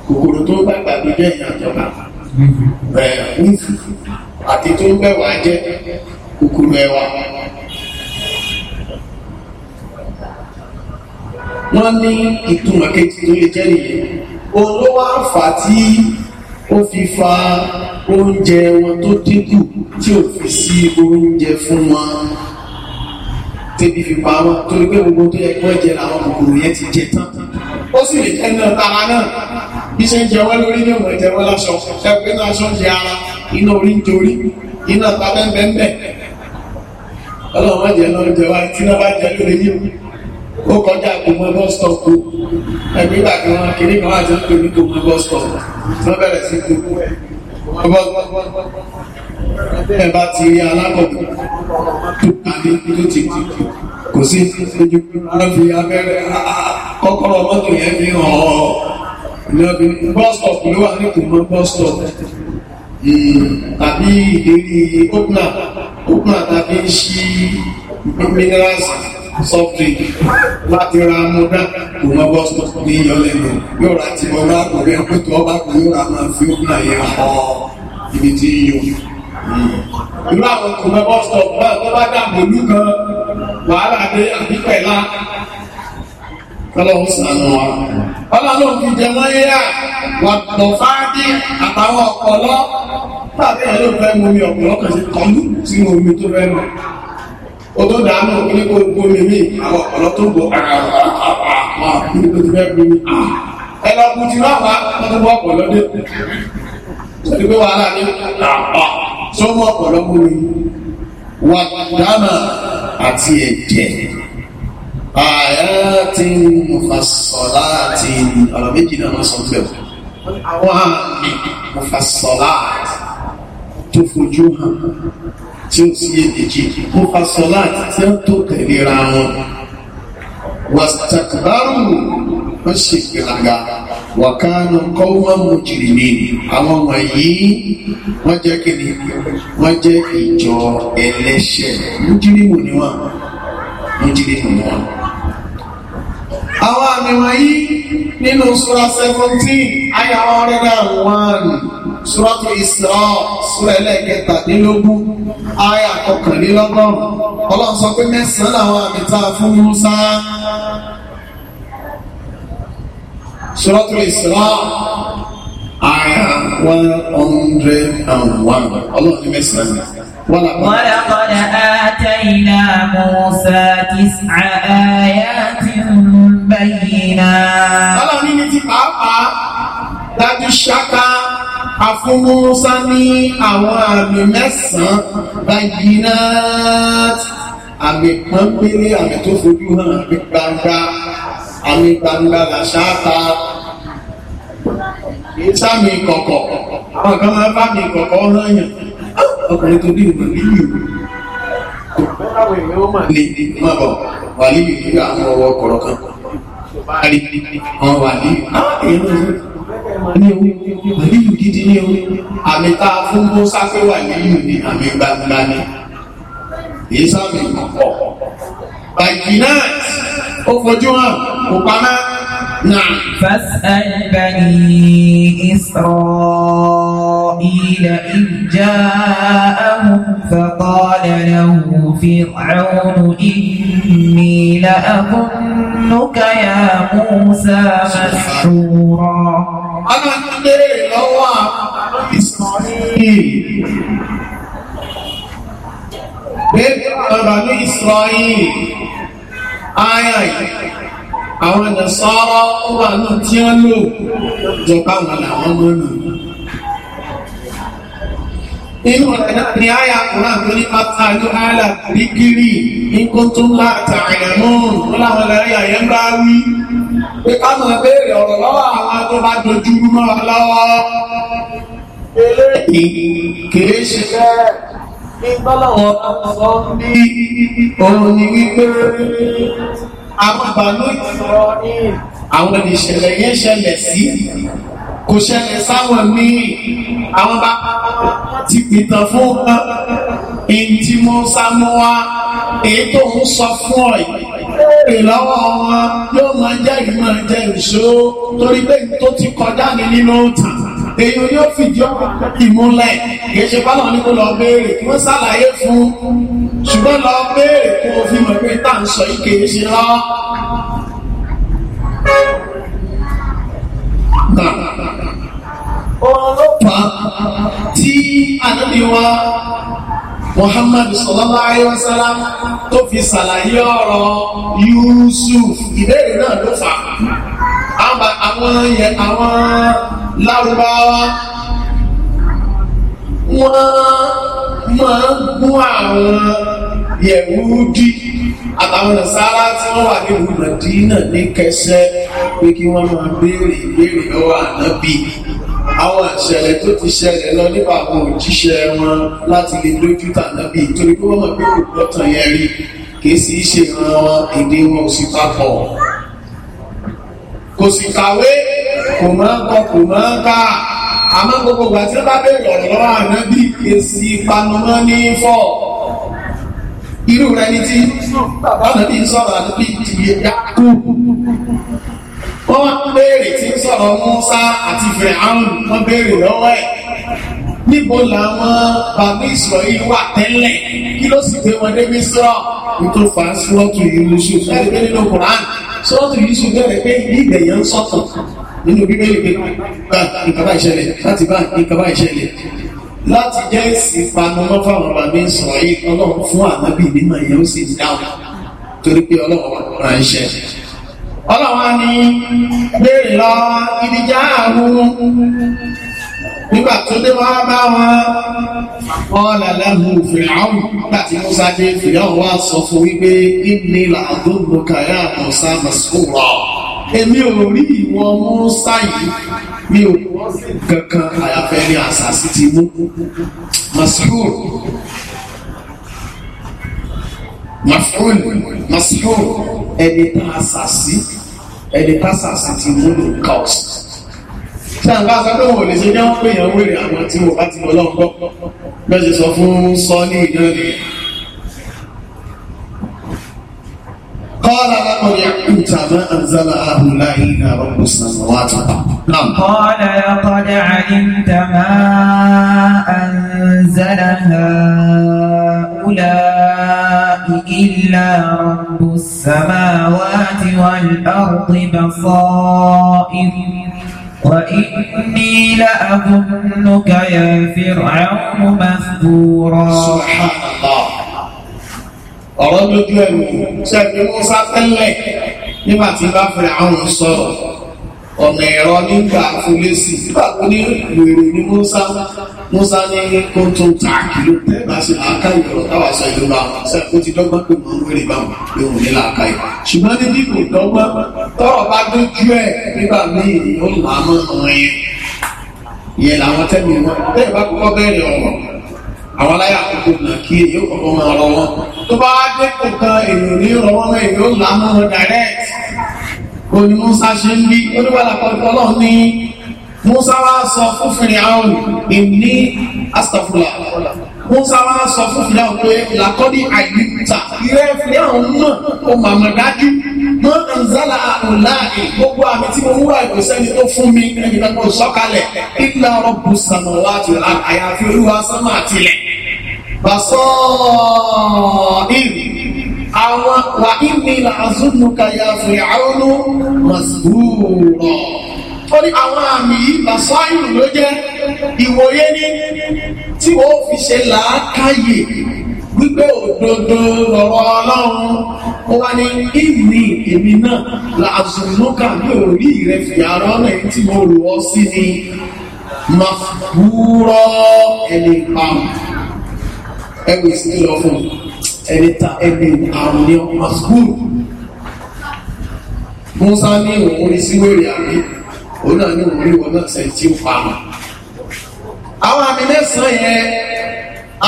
kòkòrò tó bá gbàgbé jẹ́ ìyàjọba wíìfù àti tó ń bẹ̀wà jẹ́ kúkúrú ẹwà wọ́n ní ìtumọ̀ kejì tó lè jẹ́ nìyẹn òun ló wá fà tí ó fi fa oúnjẹ wọn tó dínkù tí ò fi sí oúnjẹ fún wọn tẹbi fi pa wọn torí pé gbogbo tó yẹ kí wọ́n jẹ làwọn kòkòrò yẹn ti jẹ tán ó sì lè jẹ́ náà tara náà bí jẹ wọ́n lórí ní ìwọ̀n ìjẹwọ́ láṣọ ẹgbẹ́ náà aṣọ jẹ ara iná orí ń torí iná ta bẹ́ẹ̀ bẹ́ẹ̀ bẹ́ẹ̀ ọlọ́run má jẹ́ lọ́rọ̀ jẹ wá tí náà bá jẹ́ lórí yìí ó kọjá kò mọ bus stop o ẹbí ìgbà kan wọn kiri kan wà tí ń pè ní kò mọ bus stop tí wọ́n bẹ̀rẹ̀ sí kò mọ ẹ bá ti rí alábọ̀dọ̀ tó tàbí tó ti kú kò sí ojú wọn fi abẹ́rẹ́ ah, ah, ah, kọ́kọ́rọ́ mọ́tò yẹn fi hàn ọ́ ìlọ́bí bus stop ló wà ní kò mọ bus stop tàbí ìdérí opener kúpà tàbí ń ṣí minerals soft drink láti ra múdá kò mọ bọ́sọ̀ ní ìyọlẹ́nu yóò rà tí mo bá kò rí ẹkùn tó ọba kò yóò rà máa fi ókùnà yẹn ọ ibi tí yíyọ. irú àwọn kò mọ bọ́sọ̀ bá tó bá dàbò lú kan wàhálà dé àbípẹ̀lá kọlọ́hún sànù wa. ọlọ́run fi jẹ wọ́n yíyá wà lọ́fáàdì àtàwọn ọ̀pọ̀lọ́ pàtẹ́ ẹ̀ ló fẹ́ mú mi ọ̀pọ̀ ọkàn sí kàn mú sínú omi tó fẹ́ mọ̀ o tó dànù ní kó gbomi mi àwọn ọ̀pọ̀lọ́ tó bọ̀ àwọn àkúrú tó ti fẹ́ gbomi ẹ lọ kú ti ráfà wọ́n tó bọ́ ọ̀pọ̀lọ́ dé sọ́ni pé wàhálà ní àpá sọ́mọ́ ọ̀pọ̀lọ́ mú mi wà dáná àti ẹ̀jẹ̀ àyàtì mufasọ̀lá àti ọ̀rọ̀ méjì náà wọ́n sọ pé àwọn àmì mufasọ̀lá àti tó fojú hàn tí ó sì èjì mo fa sọlá tí ó tó tẹ̀léra wọn wàtàkùbárù wọ́n ṣe gbìlàgà wàkánà kọ́wọ́ mojìrì ní àwọn wọ̀nyí wọ́n jẹ́ kìnnì wọ́n jẹ́ ìjọ ẹlẹ́ṣẹ̀ mojìrì mù ni wọ́n mojìrì mù ni wọ́n. àwọn àmì wọ̀nyí nínú sura seventeen ayáwó rẹ̀ náà wọ́n rìn. Suratul Isra sura ẹlẹ́ẹ̀kẹtàdínlógún àyà kọkànlélọ́gọ́rùn-ún Ọlọ́run sọ pé mẹ́sàn-án làwọn àmì tá a fún Musa Suratul Isra àyà one hundred and one Ọlọ́run ní mẹ́sàn-án ولقد آتينا موسى تسع آيات بينات. Ọlọ́run ní ti pàápàá dájú ṣáká fún Musa ní àwọn àmì mẹ́sàn-án bàjínà àmì pọ́npẹ́lẹ́ àmì tó fojú hàn àmì gbangba àmì gbangba làṣáta kìí sáàmì ìkọ̀kọ̀ àwọn kan máa bá mi ìkọ̀kọ̀ hàn yàn ọkùnrin tó ní ìlú nílùú ní ìmọ̀ bọ̀ wà níbi ìlú àwọn ọwọ́ kọ̀ọ̀kan wọ́n wà ní ní o wàlíyù gidi ní o àmì tá a fún Mùsá pé wàlíyù ní àmì gbangba ni èyí sábì kọ̀ bàgì náà ó fojú hàn kò pamẹ́. نعم فاسأل بني إسرائيل إذ جاءهم فقال له فرعون إني لأظنك يا موسى مسحورا أنا أدري إسرائيل آي إسرائيل آية. àwọn nàṣọ́rọ́ ó wà náà tí wọ́n lò jọba wọn làwọn mọ́ nù. inú rẹ̀ náà ni àyà àkùnrin àtúní pátá ní àlà dígírì ní kó tó láta àyàmọ́ ó láwọn lẹ́rìí àyẹ́ ń bá wí pé ká máa béèrè ọ̀rọ̀ lọ́wọ́ àwọn tó bá dojú mọ́ ọ lọ́wọ́. eléyìí kìí ṣe bẹ́ẹ̀ ní tọ́lọ́wọ́ sọ bí òun ni wípé àwọn bàánú ìsọ̀rọ̀ àwọn ìṣẹ̀lẹ̀ yẹn ṣẹlẹ̀ sí kò ṣẹlẹ̀ sáwọn míì àwọn bá ti pìtàn fún wọn èyí tí mo sá mọ́ wá èyí tó ń sọ fún ọ yìí béèrè wọn yóò máa jẹ́ ìmọ̀ jẹ́ ìṣó torí pé tó ti kọjá mi nínú tàn èyí ni ó fìdí ọ̀rọ̀ ìmúlẹ̀ kì í ṣe bá náà ní kó lọ béèrè kí wọ́n ṣàlàyé fún ṣùgbọ́n lọ béèrè kó o fi mọ̀ pé tá à ń sọ yìí kì í ṣe lọ. Òun tí àdúgbò wa Muhammad sallallahu alayhi tó fi ṣàlàyé ọ̀rọ̀ Yusuf ìbéèrè náà ló fà á. Àwọn yẹn àwọn lárúbáwá wọ́n máa ń gún àwọn yẹ̀wúdí àtàwọn nàṣàrà tí wọ́n wà ní ìlú Mẹ̀dínà ní kẹsẹ́ pé kí wọ́n máa béèrè ìbéèrè lọ́wọ́ ànábì àwọn àṣẹlẹ̀ tó ti ṣẹlẹ̀ lọ nípa àwọn òjíṣẹ́ wọn láti lè dójú tànábì torí pé wọ́n mọ̀ pé kò gbọ́tàn yẹn rí kì í sì í ṣe ran èdè wọn ò sì papọ̀ kò sì kàwé kò mọ́ kọ kò mọ́ ká àmọ́ gbogbo ìgbà tí wọ́n bá bẹ̀rẹ̀ ọ̀rọ̀ lọ́wọ́ ànábì èsì ìpanumọ́ ní fọ́ irú rẹ̀ ní tí bàbá ànábì ń sọ̀rọ̀ ànábì ìdíyẹ dákú wọ́n béèrè tí ń sọ̀rọ̀ Mùsá àti Fìràhùn wọ́n béèrè lọ́wọ́ ẹ̀ níbo làwọn bàbá ìsọ̀rọ̀ yìí wà tẹ́lẹ̀ kí ló sì gbé wọn débi sọ́ọ̀ nítorí fà á sí wọ́n tún yìí lóṣù fún ẹgbẹ́ nínú Kùránì sọ́ọ̀tù yìí ṣùgbọ́n rẹ̀ pé ìgbẹ̀yẹ̀ ń sọ̀tàn nínú bíbélì pé gba ìkàbá ìṣẹ̀lẹ̀ láti bá ìkàbá ìṣẹ̀lẹ̀ láti jẹ́ ìsìn panumọ́ fáwọn ọba mi sọ yìí ọlọ́run fún ànábì mímọ̀ yẹn ó sì dáhùn torí pé ọlọ́run ránṣẹ́ ọlọ́run ni béèrè lọ ìdíjà àrùn nígbà tó dé wá bá wọn ọ̀là lẹ́hùn fìràún láti musa dé fìràún wá sọ fún wípé ìdílé làdúgbò kàyà àmọ̀sá màsúwọ̀ èmi ò rí ìwọ Mùsá yìí mi ò kọ́ sí kankan àyàfẹ́ ní àṣàṣì ti mú masrur masrur masrur ẹni tá àṣàṣì ẹni tá àṣàṣì ti mú ní kaos tí a bá sọ pé wọn ò lè ṣe ń pè yàn wèrè àwọn tí wọn bá ti lọ lọ́gbọ́n bẹ́ẹ̀ ṣe sọ fún sọ́ọ́lì náà nìyẹn. قال لقد علمت ما أنزل الله إلا رب السماوات نعم قال لقد علمت ما أنزل هؤلاء إلا رب السماوات والأرض بصائر وإني لأظنك يا فرعون مثبورا سبحان الله ọ̀rọ̀ lójú ẹ̀rù ṣẹ́gun musa tẹ́lẹ̀ nígbà tí bá fẹ́ àwọn sọ̀rọ̀ ọ̀nà ẹ̀rọ nígbà fúlẹ́sì nígbà tó ní wèrè ní musa musa ní kó tó ta kìló tẹ́ bá ṣe làákà ìrọ̀ táwa sọ ìlú bá wọn ṣẹ́gun ti dọ́gbọ́n pé mọ̀ ń wèrè bá wọn pé òun ní làákà ìrọ̀ ṣùgbọ́n ní bí kò tọ́rọ̀ bá dójú ẹ̀ nígbà míì ó làá mọ́ ọ̀rọ̀ yẹn ìyẹn làwọn tẹ́mi àwọn aláya kókó náà kí èyí kọ́kọ́ máa rọ wọn tó bá dé kọ̀ọ̀kan èèyàn ní rọ wọn náà èèyàn là mọ́ wọn direct kò ní Musa ṣe ń bí oníwàlà pọ̀lọpọ̀ náà ní Musa wá sọ fún Fìrìhàn ìní astafula Musa wá sọ fún Fìrìhàn pé làkọ́dí àyíká ilé Fìrìhàn náà ó màmá dájú mọ́ àǹzálà àláàyè gbogbo àmì tí mo wúrà ìgbésẹ́ni tó fún mi ẹnìkan kan sọ̀kalẹ̀ ìlànà bùsànà wájú àyàfi olúwa sánmà tilẹ̀ basọ́ọ̀rì àwọn wà ìmì làásùnùkà ya fìràúnú masbúrọ̀ ó ní àwọn àmì yìí basọ́ọ̀rì ló jẹ́ ìwòye ní tí ó fi ṣe làákàyè wípé òdodo lọ́rọ̀ ọlọ́run ó wá ní ìmì èmi náà làásùnùkà ní orí rẹ̀ fìyàrọ́ náà tí mo rò ọ́ sí ni masbúrọ̀ ẹni pàmò ẹni sí lọ fún ẹni ta ẹni àrùn ní ọmọ sùkúrù musa ní òun rí sí wèrè àmì òun náà ní òun rí wọn náà sẹ́yìn tí ó pa mọ́ àwọn àmì mẹ́sàn-án yẹn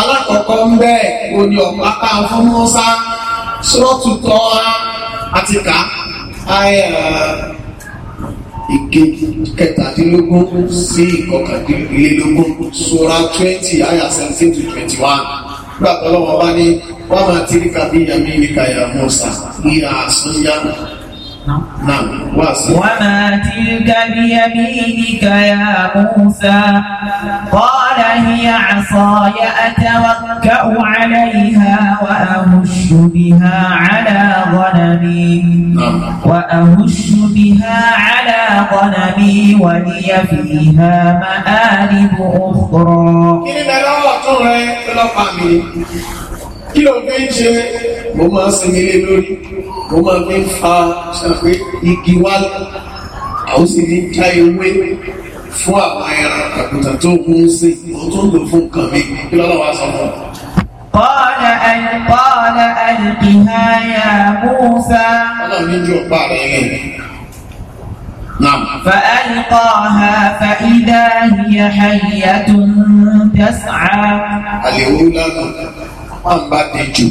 alákọ̀ọ́kọ́ ń bẹ́ẹ̀ o ní ọ̀pọ̀ apá fún musa sọ́ọ̀tù tọ́ àti ká ike kẹtàdínlógún sí ìkọkàndínlélógún sora twenty aya seventeen to twenty one gbàtọ́ lọ́wọ́ bá ní wọ́n máa tiri kàbí yàmi ní kàyà mọ́sà ní àṣọyá نعم, نعم. وما تلك بيمينك يا موسى قال هي عصاي أتوكأ عليها وأهش بها على غنمي نعم. وأهش بها على غنمي ولي فيها مآرب أخرى kí ló fẹ́ ṣe mo máa ń sinmi lé lórí mo máa fi ń fa ṣàpé igi wá àwọn sì ní já ewé fún àwọn ẹran àgùntàn tó kún sí wọn tó ń lò fún nǹkan mi kí lọ́wọ́ wá sọ fún ọ. قال أل قال ألقها يا موسى نعم فألقاها فإذا هي حية تسعى الأولى má n bá dé jù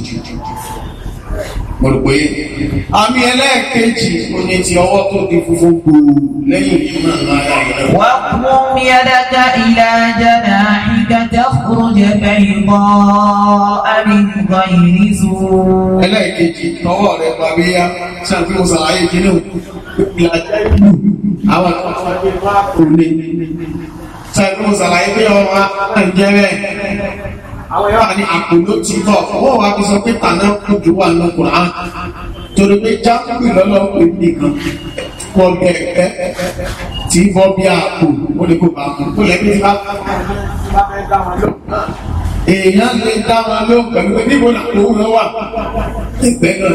mo rò pé àmì ẹlẹ́ẹ̀kejì mo ní ti ọwọ́ tó di funfun gbòò lẹ́yìn ìmọ̀ ara rẹ̀. wà á kú mi adájá ilé ajá náà ìdájá kúrò jẹ bẹ́yìn mọ́ àbíkúgbọ́ ìrì ẹlẹ́ẹ̀kejì tọwọ́ rẹ̀ pàbí yá ṣáàbí mo ṣàlàyé kínú ìlàjá ìlú àwọn kan sọ pé wà á kú mi ṣáàbí mo ṣàlàyé pé ọmọ àjẹrẹ àwọn yóò ní àpòló ti kọ́ ọwọ́ wa fi sọ pé tàná kò jù wà ní Kùrán torí pé jákùn lọ́lọ́ pé nìkan wọ́n bẹ̀ ẹ́ tí bọ́ bí àpò ó lè kó bá kú ó lè bí bá èèyàn lè dá wọn ló pẹ̀lú pé níbo náà kò wúlọ wà ẹgbẹ́ náà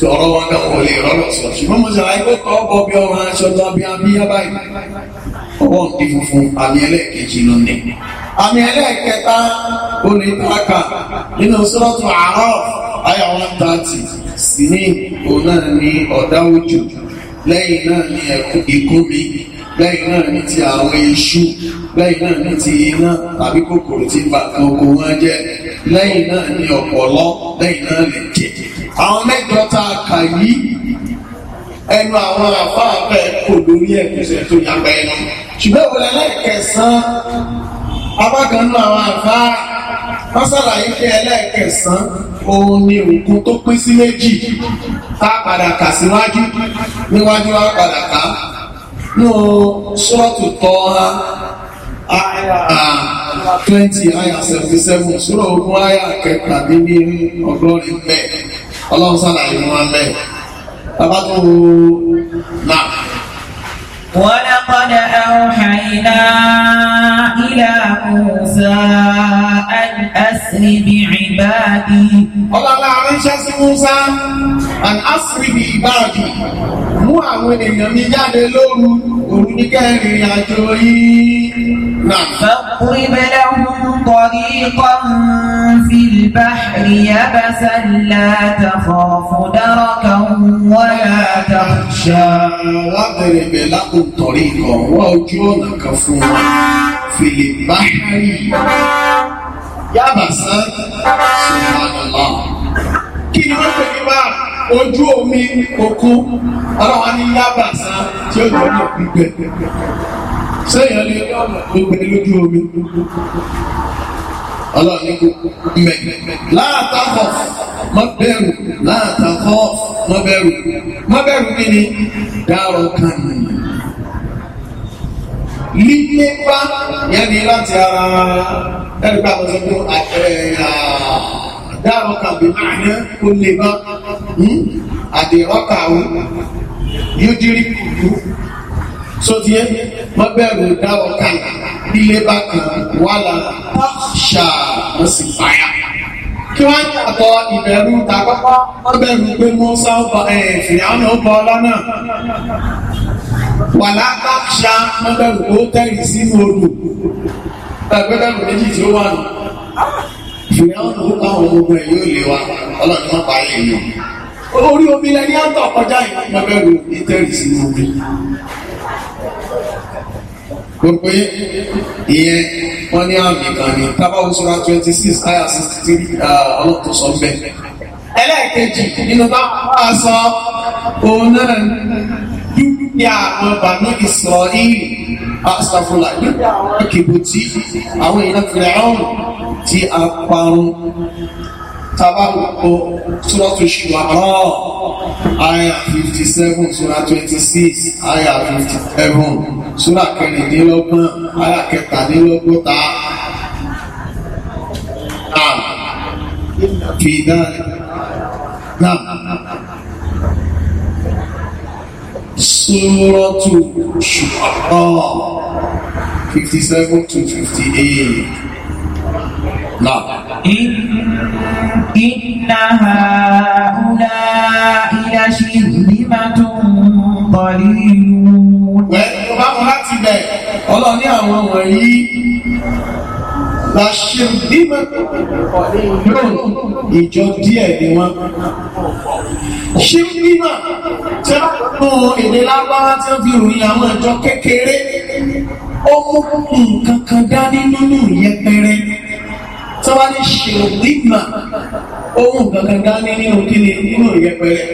sọ̀rọ̀ wọn náà wọlé rọ́lọ́sọ̀ ṣùgbọ́n mo ṣàlàyé pé kọ́ bọ́ bí ọ̀rọ̀ aṣọ ọwọ́ ń bí funfun àmì ẹlẹ́ẹ̀kejì ló ní. àmì ẹlẹ́ẹ̀kẹta ó ní táàkà nínú sọ́ọ̀tù àárọ̀ àyà one thirty sí ní òun náà ní ọ̀dá òjò lẹ́yìn náà ní ẹ̀kún ìkómi lẹ́yìn náà ní ti àwọn iṣu lẹ́yìn náà ní ti iná tàbí kòkòrò tí bàtà oko wọn jẹ́ lẹ́yìn náà ní ọ̀pọ̀lọ́ lẹ́yìn náà lè jẹ́ àwọn mẹ́jọ tá a kà yìí ẹnu àwọn àfáà pẹ kò lórí ẹgbẹsẹ tó yàgbẹ ẹnu ṣùgbọ́n ìwòlẹ lẹ́ẹ̀kẹsàn abákan nínú àwọn àfáà wọn ṣàlàyé pé ẹlẹ́ẹ̀kẹsàn òun ni òkun tó pín sí méjì tá a padà kà síwájú níwájú wa padà kà nínú sọ́ọ̀tù tọ́ ha àyà twenty àyà seventy seven sọ́rọ̀ ogun àyà kẹtàdínlẹ́ọ̀gọ́rin bẹ́ẹ̀ ọlọ́run ṣàlàyé wọn bẹ́ẹ̀ bàbá tó wo náà. ولقد أوحينا إلى موسى أن أسر بعبادي الله لا رنشا موسى أن أسر بعبادي mú àwọn ènìyàn mi jáde lóru òru ní kẹrin àjò yìí. فاضرب لهم طريقا في البحر يبسا لا تخاف دركا ولا تخشى واضرب لهم طريقا وأجونك فوا في البحر يابسا سبحان الله كي نقول ojú omi òkú ọlọ́wọ́ ní yábàṣá tí ó jọ ní gbígbẹ sẹ́yìn ọlọ́wọ́ gbígbẹ lójú omi ọlọ́ọ̀ni mẹ láàtàkọ̀ má bẹ̀rù láàtàkọ̀ má bẹ̀rù má bẹ̀rù mi ni dárò kan nìyí. Lílépa yẹn ni láti ara ẹ̀rí pé àwọn ti kó àtẹ̀yà dárò kan bí máa kó lè bá hmm? àdèrọ́kà òun yóò dírí kùkú sotie wọn bẹ̀rù dá ọkà ilé bá kan wàhálà ṣá wọn sì fàyà kí wọn yàtọ̀ ìbẹ̀rù ta kọ́kọ́ wọn bẹ̀rù pé musa ọba ẹ fìyàwó ọba ọlọ́nà wàhálà bá ṣá wọn bẹ̀rù pé ó tẹ̀lé sínú odò ẹgbẹ́bẹ̀rù méjì tí ó wà nù fìyàwó ọba ọmọ ẹ yóò lé wa ọlọ́dún ọba yẹn nù orí omi lẹni àtọ̀ kọjá ìpínlẹ̀ bẹ̀rù ní tẹ̀lé sínú omi gbogbo ìyẹn wọ́n ní àmì kan ní tábàwò twenty six aya sixty three ọlọ́run tó sọ bẹ́ẹ̀. ẹlẹ́ẹ̀kejì nínú báwọn máa sọ òun náà dúkìá àwọn bàmí ìsọ̀rí pásítọ̀fúlà dúkìá àwọn àwọn èèyàn fìlẹ̀ ọ̀hún ti àparun tábàwò kó sura tó ṣì wà fifty seven sura twenty six aya fifty seven súnà kẹrìndínlọ́gbọ̀n àyà kẹtàdínlọ́gọ́ta náà fi náà náà súnmọ́tò ṣùgbọ́n fifty seven to fifty eight náà. إن هؤلاء لشرذمة قليلون wọn láti bẹ̀ ọlọ́ni àwọn wọ̀nyí làṣẹ̀dímọ̀ ìjọ díẹ̀ ni wọ́n ṣíbímọ̀ tí a nù èdè lágbára tí ó fi ròyìn àwọn ìjọ kékeré ó mú nǹkan kan dání nínú yẹpẹrẹ tí wọ́n ní ṣèdímọ̀ ohun nǹkan kan dání nínú kíni nínú yẹpẹrẹ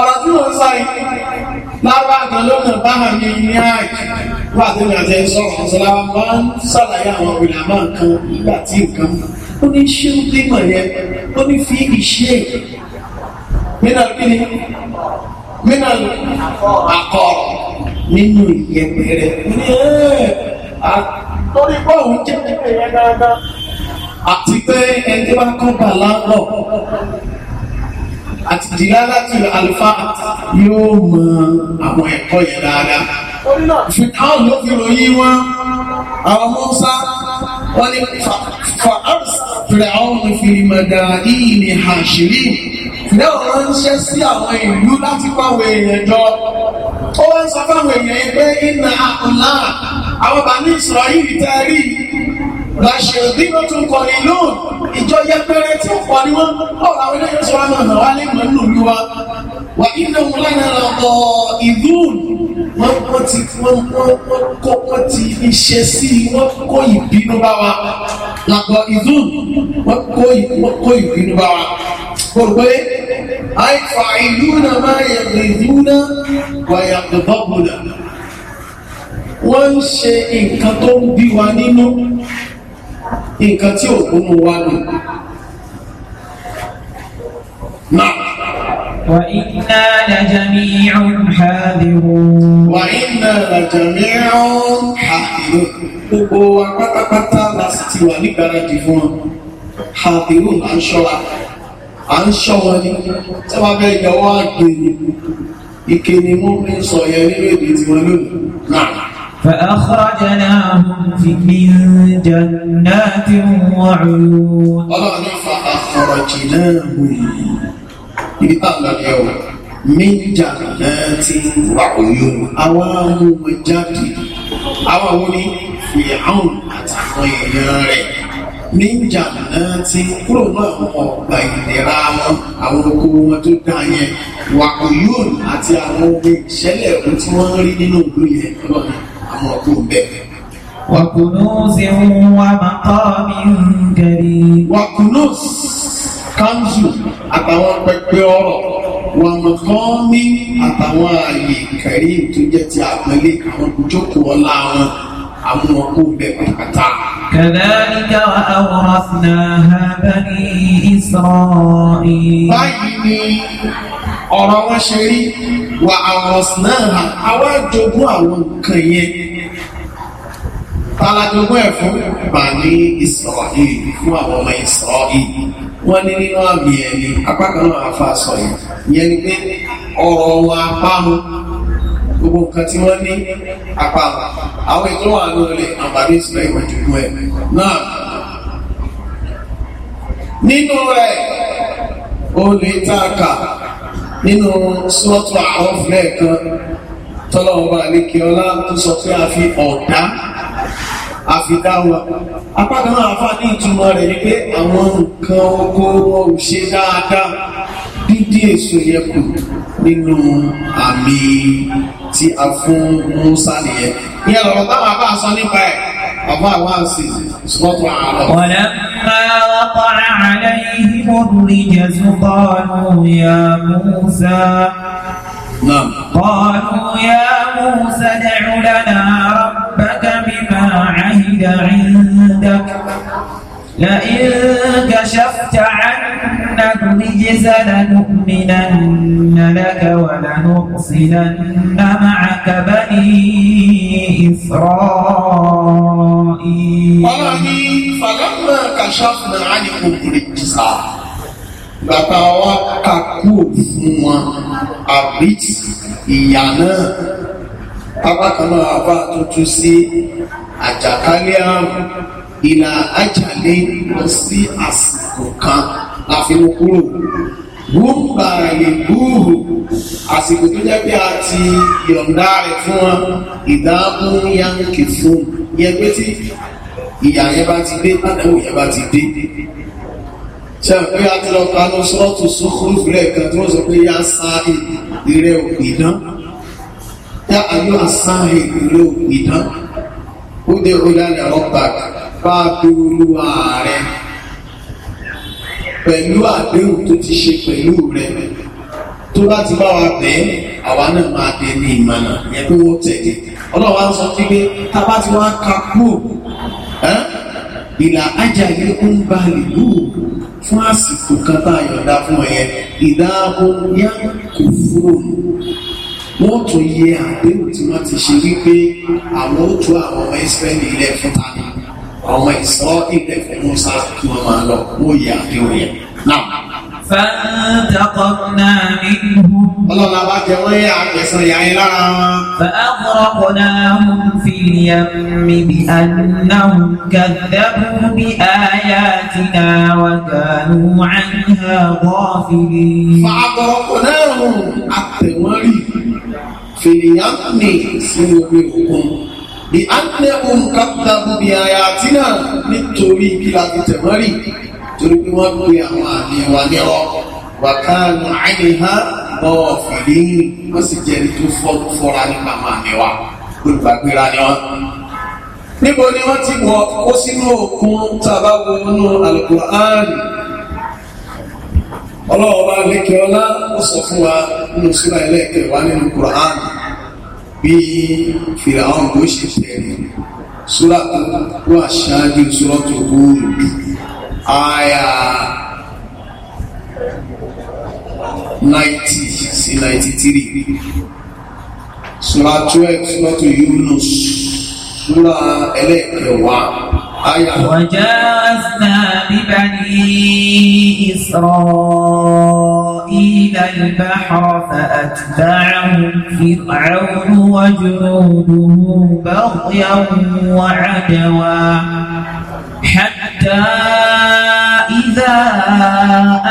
ọ̀rọ̀ tí wọ́n sáré lábá kan lọ́nà bá àmì ní àìkí wà tó yàn jẹ́ sọ̀rọ̀ ọ̀sọ́lá máa ń ṣàlàyé àwọn ìlànà kan nígbà tí nǹkan ó ní ṣé ó dé mọ̀ yẹn ó ní fi ìṣe mínà kíni mínà àkọ́ nínú ìyẹ̀pẹ̀rẹ̀ ní ẹ̀ àtọ́rí bọ́ọ̀lù jẹ́ pípẹ́ dáadáa àti pé ẹni wá kọ́ bàlá náà àti dìlálàtì àlùfà yóò mọ àwọn ẹ̀kọ́ yẹn dáadáa. Fìtáwọn ló fi ròyìn wọn, àwọn Mọ́sá, wọ́n ní Fa'ars Fìràwọn fi mọ̀dà ìní Hàṣírí. Fìdáwọn ránṣẹ́ sí àwọn ìlú láti pàwọ̀ èèyàn jọ. Ó wá ń sọ fáwọn èèyàn pé ìnà àkùnlá àwọn bàbá ní Ìsìràyìn tẹ́rí làṣẹ̀bí ló tún kọrin lóhùn ìjọ yẹpẹrẹ tí ó kọrin wọn ọ̀rọ̀ àwọn eléyìí sọ wọn náà wà lẹ́nu nínú ìlú wa wà nínú wọn lánàá lọ ọ ìlú wọn wọn ti wọn wọn wọn kó wọn ti iṣẹ́ sí i wọn kó ìbínú bá wa làbọ ìlú wọn kó wọn kó ìbínú bá wa gbogbo ẹ àìfà ìlú náà máa yàgbẹ ìlú náà wà yàgbẹ bọ́ọ̀bù náà wọ́n ń ṣe nǹkan tó ń bí wa nínú nǹkan tí ò gbónú wa nù. وإنا لجميع حاذرون وإنا لجميع حاذرون gbogbo wa pátápátá la sì ti wà nígbàradì fún wọn hadirun à ń ṣọ́ra à ń ṣọ́ wọn ni tí wọ́n fẹ́ yọ wá gbé ike ni mo fi ń sọ yẹn nínú èdè tiwọn lónìí náà. فأخرجناهم في من جنات وعيون الله فأخرجناهم اليوم من جنات وعيون أوام وجاد أوام فرعون أتخير من جنات كل ọgbà ìdẹ̀ra wọn àwọn oko wọn tó dá yẹn wàkùn yóò àti àwọn ọmọ àwọn ọdún bẹ́ẹ̀. wàkùnúùsì wa maqamin karim. wàkùnúùsì kanṣu àtàwọn pẹpẹ ọrọ̀ wà maqamin àtàwọn ààyè kẹrí tó jẹ́ ti àpẹẹlẹ àwọn ìjókòó ọlá wọn àwọn ọkùnrin bẹ́ẹ̀ pàtàkì. كذلك وأورثناها بني إسرائيل. ọ̀rọ̀ wọn ṣe rí wà àwọ̀sùn náà àwọn àjogún àwọn nǹkan yẹn tàlàjogún ẹ̀ fún bàní ìsọ̀ọ̀ì fún àwọn ọmọ ìsọ̀ọ̀ì wọ́n ní nínú àmì ẹni apákan náà sọ yìí ìyẹn ni pé ọ̀rọ̀ wọn apá gbogbo nǹkan tí wọ́n ní apá àwọn ètò wà lórí àbàdé ìsúná ìwọ̀jogún ẹ̀ náà nínú olè tààkà nínú sọ́ọ̀tù àwọn fúlẹ̀ẹ̀kan tọ́lọ́wọ́ba àlékè ọlá tó sọ pé a fi ọ̀dá a fi dá wa apá kan náà àfa ní ìtumọ̀ rẹ̀ ni pé àwọn nǹkan oko wọn ò ṣe dáadáa dídí èso yẹ kù nínú àmì tí a fún Musa nìyẹn ìyẹn lọ́rọ̀ táwọn àbá nípa ẹ̀. واسي ولما وقع عليهم الرجز قالوا يا موسى نعم قالوا يا موسى ادع لنا ربك بما عهد عندك لئن كشفت عنا الرجز لنؤمنن لك ولنرسلن معك بني إسرائيل ọlọ́ni fàlámà kàṣàfùnà àní òkúrè jìsà bàbá wa kakú òfin wọn àbítì ìyá náà pápákanáà àbá tuntun sí àjàkálẹ̀ àrùn ìlà àjàlẹ̀ lọ sí àsìkò kan láfi kúrò wúgbà ìgbúhù àsìkò tó jẹ́ pé a ti yọ̀ǹda rẹ̀ fún wọn ìdáàmú yánkì fún yẹn pé tí ìyà yẹn bá ti dé àdáwò yẹn bá ti dé ṣe pé a ti lọ ta lọ sọ́ọ̀tù sókúrú rẹ̀ kan tí wọ́n sọ pé yá sáàì ìrẹ́ ìdán yá ayọ́ àsáàì ìrẹ́ ìdán ó dé orí àlẹ́ ọ̀pá bá a bí olúwa rẹ̀ pẹ̀lú àdéhùn tó ti ṣe pẹ̀lú rẹ̀ tó bá ti bá wa bẹ̀ ẹ́ àwa náà máa bẹ ní ìmọ̀nà yẹn tó wọ́n tẹ̀lé ọlọ́wà ń sọ pé tá a bá ti wá ka kúrò ìlà ajá yìí ń ba ìlú fún àsìkò kan tá a yọ̀ǹda fún ẹ ìdá ohun kò fúrò wọ́n tún yẹ àdéhùn tí wọ́n ti ṣe wípé àwọn ó tú àwọn ọmọ ìsírẹ́lì ilẹ̀ fún ta ni àwọn ìsọ ìdẹ́fẹ̀ musa kí wọ́n máa lọ wọ́n yẹ àdéhùn yẹn náà. فانتقمنا منهم الله باك فأغرقناهم في اليم بأنهم كذبوا بآياتنا وكانوا عنها غافلين فأغرقناهم في اليم سنوبكم bí anẹ́hùn kápítàbù bí aya àti náà nítorí bí láti tẹ̀mọ́rì torí bí wọ́n pe àwọn àmì wa ní ọ wàkánù àìníhá bọ́ọ̀ fìdíhìn wọ́n sì jẹ́ni tó fọ́ra nípa àwọn àmì wa olùgbàgbéra ni wọ́n níbo ni wọ́n ti wọ kó sínú òkun tàbá wọnú alukur'an ọlọ́wọ́ bá lékè ọlá ó sọ fún wa nínú sílá ẹlẹ́kẹ̀ẹ́ wa nínú kur'an bí fìràwọn ló ṣe bẹ̀rẹ̀ súrà tó wà ṣáájú súrà tó kú àyà ninety sí ninety three súrà twelve tó Yunus súrà ẹlẹ́ẹ̀kẹwàá وجاوزنا ببني إسرائيل إلى البحر فأتبعهم فرعون وجنوده بغيا وعدوا حتى إذا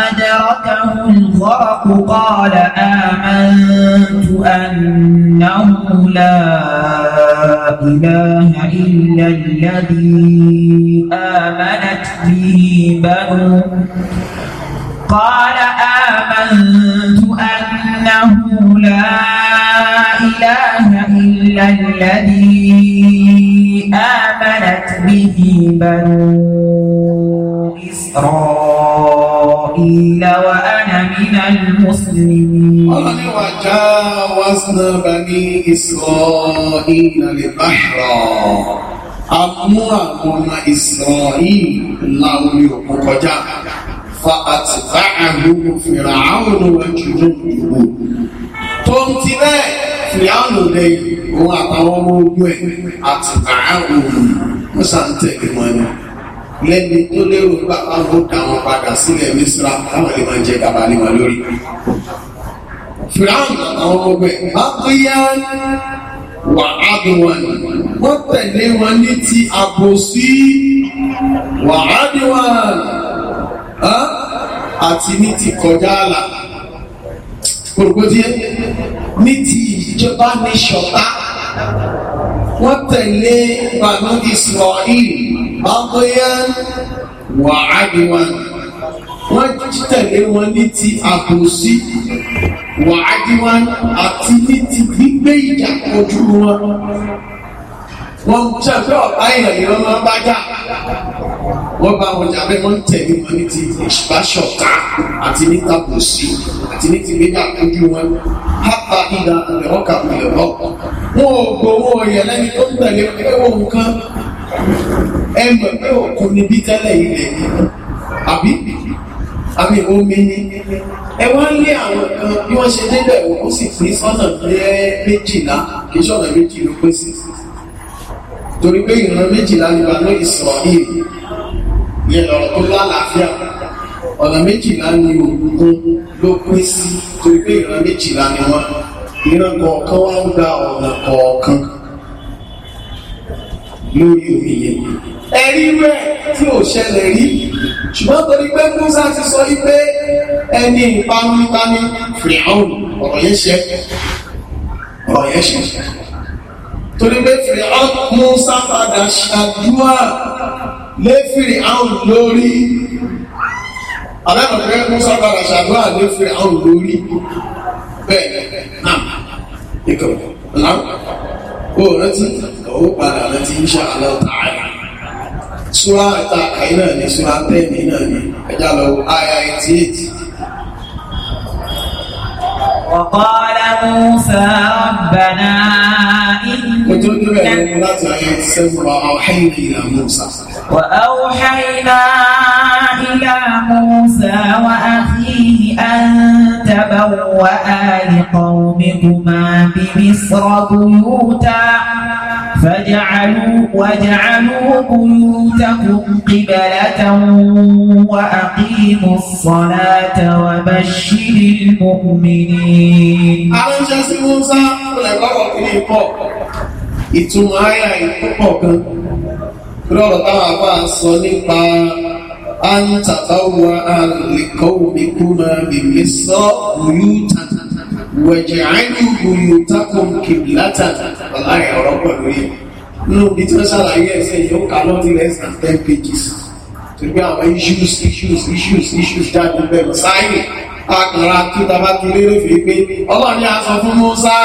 أدركه الغرق قال آمنت أنه لا إله إلا الذي آمنت به بنو قال آمنت أنه لا إله إلا الذي آمنت به بنو إسرائيل وأنا من المسلمين قال وجاوزنا بني إسرائيل البحر أمر أمم إسرائيل الله يقول fa àtìbá àhùn fìrà àwọn ojú ìgbò tó ń ti bẹ́ẹ̀ fìrà àwọn òde òun àtàwọn ọmọ ogun ẹ̀ àtìbá àhùn wọ́n sá ń tẹ̀lé wọn ni lẹ́ni tó lérò gbà káwọn dá wọn padà sílẹ̀ mísírà káwọn lè máa jẹ gàba lé wọn lórí. fìrà àwọn àtàwọn ọmọ ogun ẹ̀ bá bóyá wà ádùnwọ̀n wọ́n tẹ̀lé wọn ní ti àbòsí wà ádùnwọ̀n àti ní ti kọjá àlà gbogbogbòdìyẹ ní ti ìjọba ní ṣọ̀tá wọ́n tẹ̀lé bàbá Israel bàbáyá wà ádìwá wọ́n tẹ̀lé wọn ní ti àbòsí wà àti ní ti gbígbé ìjà kojú wọn wọ́n ṣàfihàn ọ̀pá èèyàn yìí wọ́n máa ń bá jà wọ́n bá wọn jà bẹ́ẹ̀ wọ́n ń tẹ̀lé wọn ní ti ìṣùbáṣọ̀ká àti ní tàbùsì àti ní ti méjì àkójú wọn hápa ìdá ìrẹ̀wọ́n kàwé lọ́ wọn ò gbowó ọ̀yẹ̀ lẹ́ni tó ń tẹ̀lé owó nǹkan ẹ mọ̀ pé òkú níbi tẹ́lẹ̀ ilẹ̀ yìí àbí àbí omi ní ẹ wá lé àwọn kan bí wọ́n ṣe débẹ̀ wọ́n sì pín sọ́nà méjìlá kì í méjì ló pín torí pé ìran méjìlá ní Banu Israel yẹn lọ́rọ̀ tó lálàáfíà ọ̀nà méjìlá ni, ogun ló pín sí torí pé ìran méjìlá ni wọ́n ìran kọ̀ọ̀kan wá ń gba ọ̀nà kọ̀ọ̀kan lórí omi yẹn ẹ̀rí rẹ̀ tí ò ṣẹlẹ̀ rí ṣùgbọ́n torí pé Musa ti sọ wípé ẹni ìpamipami fìhàn ọ̀rọ̀ yẹn ṣe ọ̀rọ̀ yẹn ṣe torí pé fìrì mú sápadà ṣàdúrà lé fìrì áhùn lórí alábàtúrẹ́ mú sápadà ṣàdúrà lé fìrì áhùn lórí bẹ́ẹ̀ náà ikọ̀ náà ó rántí ó padà rántí insha Allah ta'ala súra àtàkàí náà ní súra tẹ́ẹ̀mì náà ní ẹjá lọ àyà 88 وقال موسى ربنا وأوحينا إلى موسى وأخيه أن تبوأ لقومكما بمصر بيوتا فاجعلوا واجعلوا بيوتكم قبلة وأقيموا الصلاة وبشر المؤمنين. ìtumọ̀ àyà ìpọ̀ kan lọ́rọ̀ táwọn àbá sọ nípa àǹtàbáwà àlèkọ́wòmí kúnà bèbè sọ bùyúta wẹ̀jẹ̀ àìní bùyúta kùn kìbìlátà láì ọ̀rọ̀ pẹ̀lú yẹn nínú bí tí wọ́n ṣàlàyé ẹ̀sẹ̀ yóò kà lọ́dí less than ten pages torí pé àwọn issues issues issues issues jáde bẹ̀rẹ̀ sáyẹ̀ akànra kí tàbá kí lérò fi pé ọlọ́run yà sọ fún Musa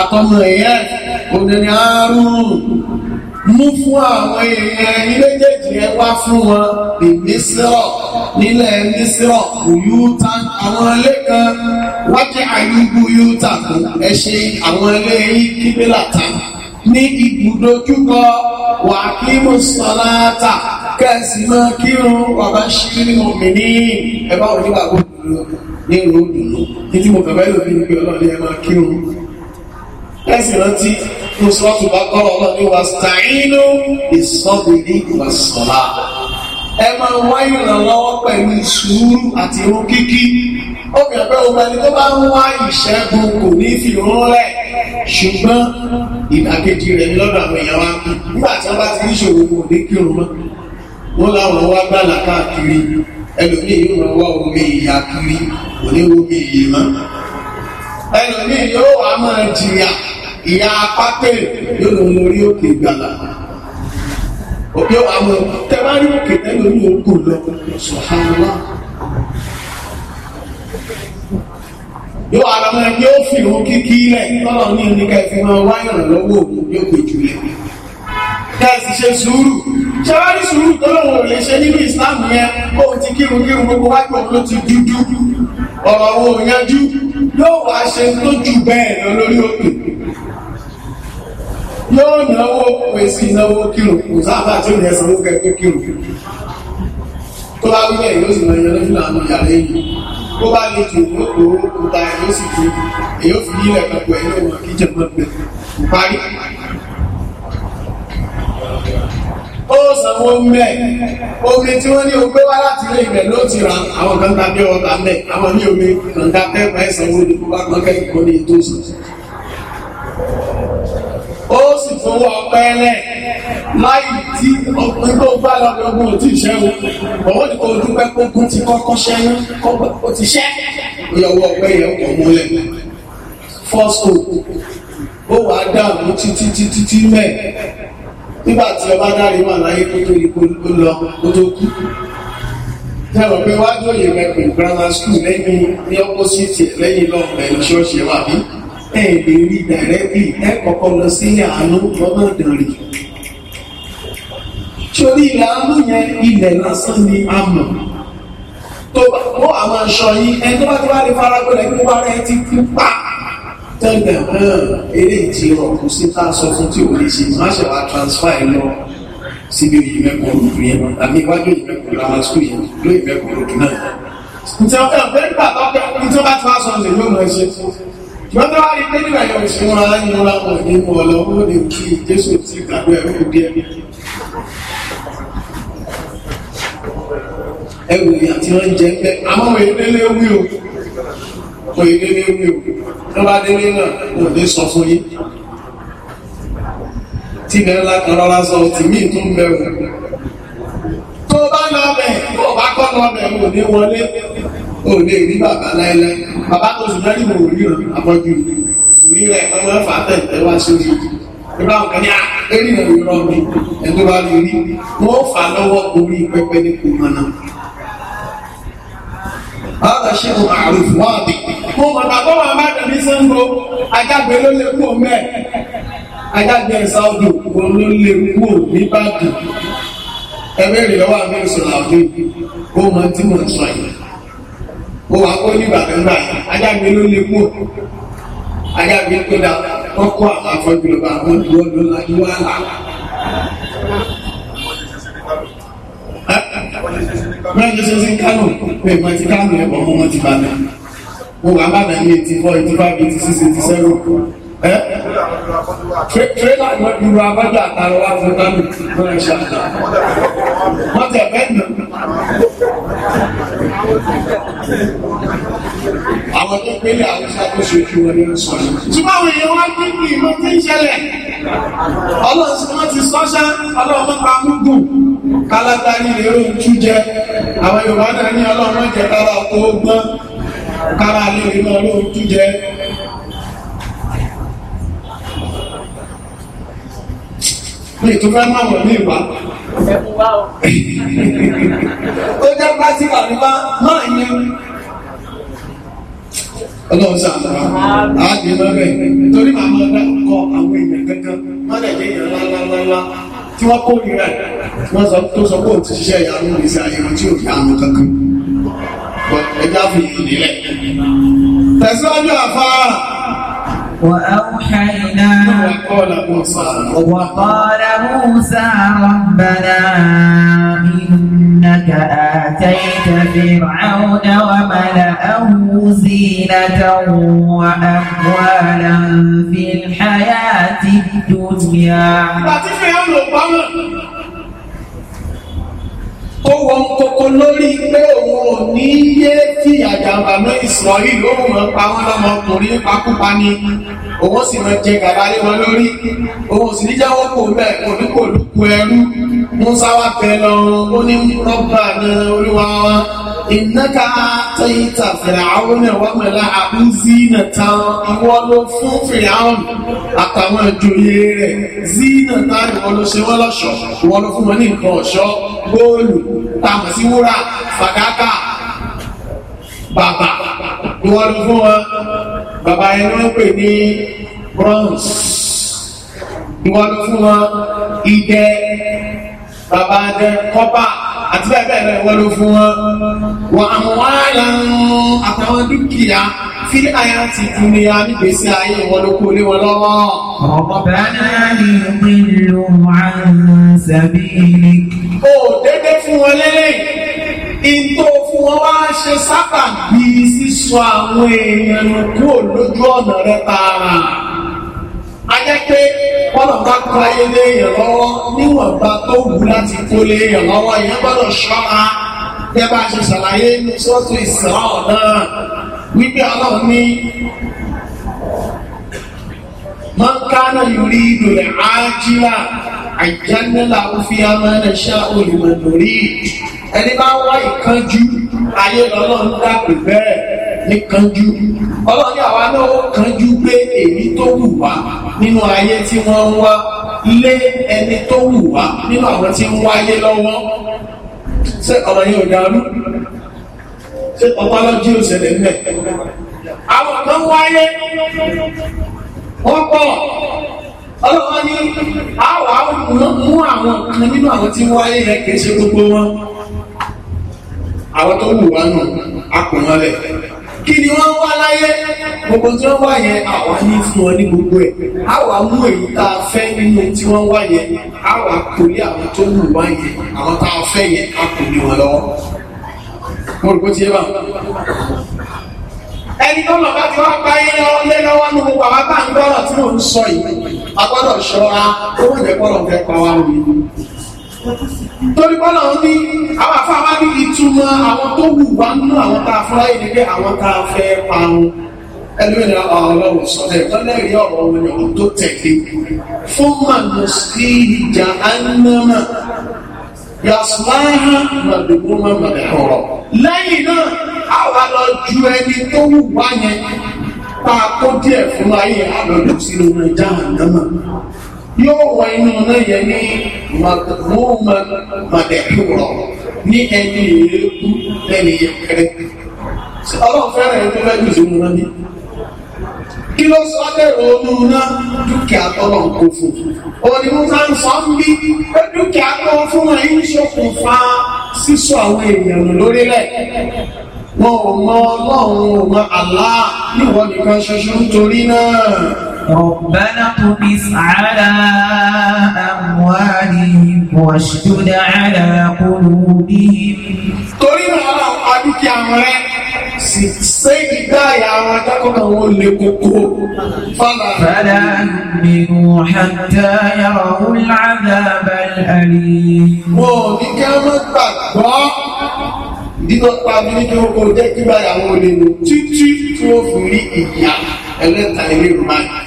àtọmọ ẹ̀yẹ òdìní àárùn mú fún àwọn èèyàn méjèèjì ẹ wá fún wọn ní mísírọ̀ nílẹ̀ mísírọ̀ bùyúta àwọn ilé kan wájú àyù bùyúta ẹ ṣe àwọn ilé yìí kíbílà tán ní ibùdójúkọ wà kí mùsùlùmí ta kẹsì máa kírun bàbá ṣírí mọ̀mí ní ẹ̀bá òní nínú ìdùnnú títí mo kàbá yóò fi ní pé ọlọ́ọ̀ni ẹ máa kírun ẹ̀sìn rántí ní sọ́ọ̀tù bá kọ́ ọlọ́ọ̀ni wa sàínú ìsọ́bìrì ìwà sọ̀lá ẹ máa wá ìrànlọ́wọ́ pẹ̀lú ìṣúrù àti irun kíkí ó bẹ̀rẹ̀ pé ọmọ ẹni tó bá ń wá ìṣẹ́gun kò ní fi rún lẹ̀ ṣùgbọ́n ìdàkejì rẹ̀ ní lọ́dọ̀ àwọn èèyàn wa nígbà tí wọ́n bá ti ní ìṣòro ẹlòmíì yóò máa wá omi ìyá kiri òní omi ìyè mọ́ ẹlòmíì yóò wá máa jìyà ìyá apákẹ́ yóò lọ mọ orí òkè gbàlà òkè wà mọ tẹ́wárí òkè ẹlòmíì òkú lọ sọ̀hánwá yóò wá lọ́mọ ẹgbẹ́ ó fi òun kíkí ní oníkẹ́ máa wá ìrànlọ́wọ́ òun yóò pè jù tẹ́ẹ̀sì ṣe sùúrù ṣẹ́wárí sùúrù tó lòun ò lè ṣe nínú ìsìláàmù yẹn bóun ti kírun kírun gbogbo wájú òun ló ti dúdú ọ̀rọ̀ wo yanjú yóò wá ṣe tó jù bẹ́ẹ̀ lọ lórí òkè yóò náwó pèsè ìnáwó kírun kò sábà tó yẹ sanwó kẹ́kẹ́ kírun tó bá wí bẹ́ẹ̀ yóò sì máa yan lójú àwọn ìyàrá èyí bó bá lè tún ló kó òkúta yóò sì tún èyí ó fi yí ẹ̀kọ́ pẹ̀lú ọmọ kíjọba pẹ̀lú parí ó sanwó mẹ́ omi tí wọ́n ní o gbé wá láti ilé ibẹ̀ ló ti ra àwọn kan ta bí ọta mẹ́ àwọn ní omi kànga tẹ́pẹ́ sanwó ní kópa kan kẹ́kọ̀ọ́ kó ní ètò ìsìn. ó sì fowó ọpẹ́ lẹ̀ láì tí ọkùnrin tó gbá lọ́gbọ̀n ò tí ì ṣẹ́wọ̀n ọwọ́ ní kò dúpẹ́ kókó ti kọ́kọ́ ṣẹ́yún ó ti ṣẹ́ ìyàwó ọpẹ́ yẹn kọ̀ múlẹ̀ fọ́sọ̀ ó wàá dáhùn títí títí mẹ́ẹ̀ nígbà tí ọba dárí wà láyé kó tó ikú ó lọ kó tó kú tẹ́lọ̀ pé wájú òye mẹ́pẹ̀ grammar school lẹ́yìn ní opposite lẹ́yìn lọ́ọ̀mẹ̀ ṣọ́ọ̀ṣì wà bí ẹ̀ lè rí dàrẹ́bì ẹ̀ kọ̀kọ́ lọ sí àánú lọ́nà ìdàrí torí ilẹ̀ àánú yẹn ilẹ̀ lásán ni a mọ̀ tó bá wọ́n àwọn aṣọ yìí ẹni tó bá ti wá lè fara gbọ́dọ̀ kí wọ́n bá rẹ̀ ti kú pa tẹ́lẹ̀ náà eré ìtì ọ̀kú sí tá a sọ fún tí ò lè ṣe má ṣe wá transfer ẹ lọ síbi òyì mẹ́kọ̀ọ́ lòdù yẹn àbí iwájú òyì mẹ́kọ̀ọ́ làwọn àsìkò yẹn lóyì mẹ́kọ̀ọ́ lòdù náà. ǹjẹ́ ọ̀pẹ́ ọ̀pẹ́ nígbà tó pẹ́ ní tí wọ́n bá ti wá sọ ọ̀sẹ̀ yóò mọ̀ ṣe fún. wọ́n tó wá rí pé nígbà yọ̀ kò yí délé wí o tó bá délé náà kò ní sọ fún yín tí ilẹ̀ ńlá kan rọra sọ tì mí tó ń bẹ o tó bá lọ bẹ tó bá kọ́ lọ bẹ o ní wọlé o lè rí bàbá láéláé bàbá tó sì dájú mọ̀ òrí rẹ̀ àbọ̀jú òrí rẹ̀ pẹ́ wọ́n fà tẹ̀ tẹ́ wá sórí ìgbà wọn kàn ní àkérí rẹ̀ rọ̀ mi ẹ̀tọ́ bá lè rí wọ́n fà lọ́wọ́ orí pẹpẹ ní kò mọ̀ náà. هذا شيء معروف واضح mo mọ̀ bàbá wa má dàbí sango ajágbe ló lè kú òun bẹ́ẹ̀ ajágbe ìsáwọ́dù wọn ló lè kú òun ní báàgì ẹgbẹ́ rẹ̀ lọ́wọ́ àmì ìṣòro àwọn ìbí ó mọ tí mo sọ yìí ó wà kó ní bàbá ńlá ló lè kú òun ajágbe tó dá ọkọ àwọn afọ́jú lọ́ba àwọn ìwọ́n ló lajú wà lá mẹ́rin ṣe sí kánò pé ìmọ̀ ti kánò ẹ̀kọ́ ọmọ wọn ti bá mi mo wà má nàní eighty four eighty five eighty six eighty seven ẹ eh? tírélà ni wọn dúró abájọ àtàrà wa fún námi lọ́nà ìṣàlá wọn tẹ bẹ́ẹ̀ nà. àwọn tó gbélé àwọn ṣàkóso ojú wọn ní sọ yìí. ṣùgbọ́n àwọn èèyàn wá gbé ní ìlú tí ń ṣẹlẹ̀ ọlọ́run sì wọ́n ti sọ́ṣẹ́ ọlọ́run mọ́ta múgù kálágbá ní ìrẹ́rọ̀ ojú jẹ àwọn Yorùbá náà ní ọlọ́run mọ́jẹ kára ọkọ̀ ọgbọ́n kára lè rí náà ló ń tún jẹ ní ìtúfẹ́ máa wọ̀ ní ìwà ó jẹ́ pásítà nípa máa yẹ ọlọ́run sàmúra àádìí lọ́bẹ̀ torí màá máa dá kọ àwọn èèyàn gẹ́gẹ́ mọ́lẹ̀ jẹ́ èèyàn lálálálá tí wọ́n kó rí rẹ̀ wọ́n sọ tó sọ pé òun ti ṣiṣẹ́ ìyá lórí ìsẹ́ àyẹ̀wò tí ò yá àwọn kankan ẹja fi yìí nílẹ̀. tẹ̀síwájú àfárá. وأوحينا وقال موسى وقال موسى ربنا إنك آتيت فرعون وملأه زينة وأموالا في الحياة الدنيا ó wọn kókó lórí pé òun ò ní yé kí àjàmbá ní ìsọ̀rí lóhùn mọ́ pa wọn lọ́mọkùnrin pakúpa ni òun sì máa jẹ gàdá lé wọn lórí òun sì ní jáwọ́ kò bẹ́ẹ̀ kò ní kò lùkù ẹrú musa wa bẹ̀ lọ́rùn ó ní rọ́bà ní olúwa wa ìnáka tẹ́yìntà fìràwọn ẹ̀wọ́ mẹ́lá àbúzínà tán ìwọ ló fún fìràwọn àtàwọn ìjòyè rẹ̀ zínà tán ìwọ ló ṣe wọ́n lọ́ṣọ̀ ìwọ ló fún wọn ní nǹkan ọ̀ṣọ́ góòlù tàmọ̀ sí wúrà fàdákà bàbà ìwọ ló fún wọn bàbá yẹn wọ́n pè ní bronze ìwọ ló fún wọn idẹ bàbá dẹ kọ́pà àti bẹ́ẹ̀ bẹ́ẹ̀ bẹ́ẹ̀ wọ́n ló fún wọn. wọ́n àmúwálà àtàwọn dúkìá fí àyà ti dúnìyà nígbèsí ayé wọn ló kó lé wọn lọ́wọ́. ọ̀bọ̀nà ni ìlú àǹsàbílì. ó dédé fún wọn lélẹ̀ ìtò fún wọn wá ṣe sábà bí sísọ àwọn èèyàn kúrò lójú ọ̀nà rẹ̀ tààrà. a jẹ́ pé bọ́lá bá kọ́ ayé léèyàn lọ́wọ́ níwọ̀nba tó wù láti kó léèyàn lọ́wọ́ ìyẹn gbọ́dọ̀ ṣọ́ra gẹ́gẹ́ bá a ṣe ṣàlàyé ní sọ́ọ̀tù ìsìlá ọ̀nà wípé ọlọ́run ní mọ́kánà lórí ìdòlẹ̀ ájílà àjẹ́nẹ́là òfin amánàṣá olùmọ̀lórí ẹni bá wá ìkánjú ayé lọ́lọ́run dàpẹ̀ bẹ́ẹ̀ ní ọlọ́run ní àwa náà ó kánjú pé èyí tó wù wá nínú ayé tí wọ́n ń wá lé ẹni tó wù wá nínú àwọn tí ń wáyé lọ́wọ́ ṣé ọ̀rọ̀ yìí ò dàrú ṣé ọpọlọ́jì ò ṣẹlẹ̀ ńlẹ̀ àwọn kan wáyé wọ́n pọ̀ ọlọ́wọ́ ní àwọ̀ àwọn mú àwọn kan nínú àwọn tí wọ́n ayé rẹ̀ kìí ṣe gbogbo wọn àwọn tó wù wá nù akùnrin rẹ̀ kí ni wọ́n wá láyé gbogbo tí wọ́n wá yẹn àwa ní fún ọ ní gbogbo ẹ̀ àwa mú èyí tá a wá yẹn àwọn tó wù wá yẹn àwọn tá a fẹ́ yẹn wọn lọ́wọ́. mo rò pé tí bá ẹni tó lọ́ba tí wọ́n pa yín lé lọ́wọ́ gbogbo àwọn bá ń gbọ́rọ̀ tí mò ń sọ yìí a gbọ́dọ̀ ó wọ́n jẹ́ gbọ́dọ̀ fẹ́ pa wá lórí torí bọ́lá ń ní àwọn afáwá ní ìtumọ̀ àwọn tó wù wá nínú àwọn tá a fúnra yìí ni àwọn tá a fẹ́ parun ẹlẹ́yìn ọlọ́run sọ́lẹ̀ lọ́lẹ́rìí ọ̀rọ̀ wọn ni tó tẹ̀lé fún màmú ìjà ánámà yasùmáhà màdùgbòmà màdùkọ̀rọ̀ lẹ́yìn náà àwa lọ ju ẹni tó wù wá yẹn pa kó díẹ̀ fún ayé àlọ́dún sínú ọ̀nà jáhànámà yóò wọ inú náà yẹ ní mọ̀tòmọ́ mọ̀tẹ̀kúrọ̀ ní ẹni ìrẹ́kú lẹ́ni yẹpẹrẹ. ọlọ́run fẹ́ràn ẹni tó fẹ́ jù sí mu náà ní. kí ló sọ abẹ́rẹ́ olú náà dúkìá tọ́lọ̀ ń kó fún un. òní mo ta ń sọ ń bí pé dúkìá tó fún wọn yìí sísọ àwọn èèyàn lórílẹ̀ wọn ò mọ ọlọ́run ò mọ àlá níwọ̀n nìkan ṣoṣo nítorí náà. ربنا طمس على أموالهم واشدد على قلوبهم torí náà àwọn adúkìá wọn rẹ ṣe ìdáyà àwọn adákọ̀ọ́ wọn lè kókó fàlà. fàlà mìíràn hàtà yàrá òun àdàbà àlè. wọn ò ní kí a má gbàgbọ́ nínú pa mi ní kí wọn kò jẹ́ kí báyà wọn lè lò títí tí wọ́n fi rí ìyá ẹlẹ́ta ilé ìmáyà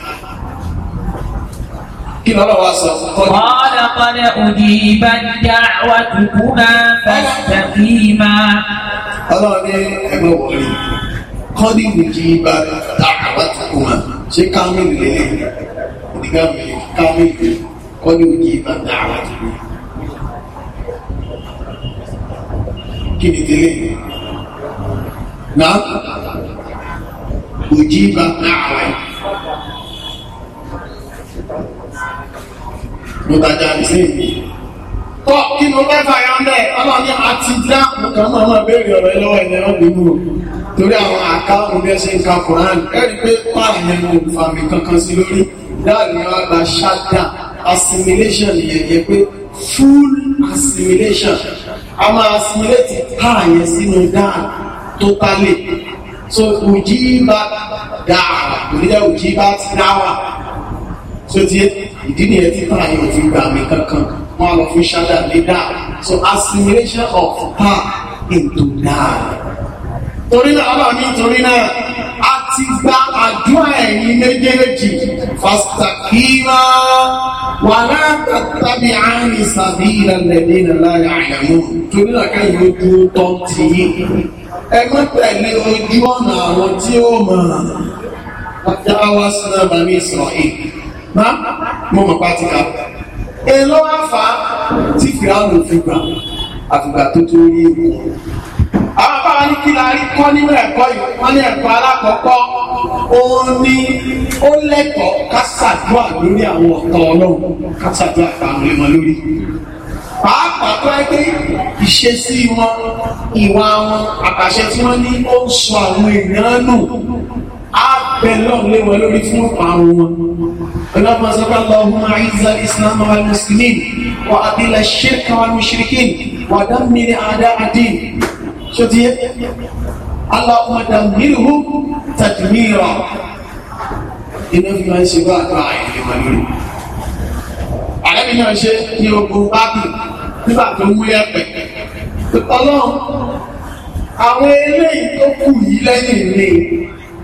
kí lọ́lọ́ wa sọ. Qala qad ujibat da'watukuma fastaqima. ọlọ́run ní ẹgbẹ́ wọlé qad ujibat da'watukuma ṣé kámìlì lélẹ̀ ìdígbà mi kámìlì qad ujibat da'watukuma. kí ni tẹ́lẹ̀ náà ujibat da'watukuma. ló bá já sí ìlú. tọ́ kí ló fẹ́ fàyà mẹ́ ọlọ́ni àti dá nǹkan náà máa béèrè ọ̀rọ̀ ẹ lọ́wọ́ ẹ̀ náà bí mú o torí àwọn àkáwọn bí ẹ ṣe ń ka Quran ẹ̀rí pé pààyàn kò fàmì kankan sí lórí dáàbì náà gba ṣáda assimilation yẹn yẹn pé full assimilation a máa assimilate pààyàn sínú dáà tó tálẹ̀ so òjì bá dáà òjì bá ti dáwà so tiẹ̀ ìdí nìyẹn tí táyà ò ti gbà mí kankan wọn lọ fún ṣáda ní dáa so assimilation of ta into now. torí náà bàbá mi torí náà a ti gba àdúrà ẹ̀yin méjèèjì fàṣàkìlá wà látàtàbí àárín sàbí ìlànàdé nàláyà àyàmú torí náà káyọ̀ ojú tó ti yí ẹ má tẹ̀lé ojú ọ̀nà àwọn tí ó mọ̀ ọ́ dáwà sínú ẹ̀bà ní ìsọ̀rọ̀ èyí má mo mọ̀ pátí ká èyí ló wá fà á tí fìràwọ̀ fi gbà àfìgbà tó tó rí èyí. àwọn báwa ní kí la rí kọ́ nínú ẹ̀kọ́ yìí wọ́n ní ẹ̀kọ́ alákọ̀ọ́kọ́ òun ni ó lẹ́kọ̀ọ́ ká ṣàdúrà lórí àwọn ọ̀tọ̀ ọlọ́run ká ṣàdúrà fáwọn ẹ̀mọ́ lórí pàápàá tó ẹ pé ìṣesí wọn ìwà wọn àtàṣe tí wọn ní ó ń sọ àwọn èèyàn nù apẹlọ léwọn lórí fún ọparun wọn ọlọpàá sọpá lọhùn àìsà islam wa muslimin wa adila shirka wa mushrikin wa dammiri ada adin sotiye allahumma dammirhu tadmira iná fi máa ń ṣe bá àtọ àìlè wọn lórí àlẹ́bí náà ṣe ní ogun bábì nígbà tó ń wúlẹ̀ pẹ̀ ọlọ́run àwọn eléyìí tó kù yìí lẹ́yìn mi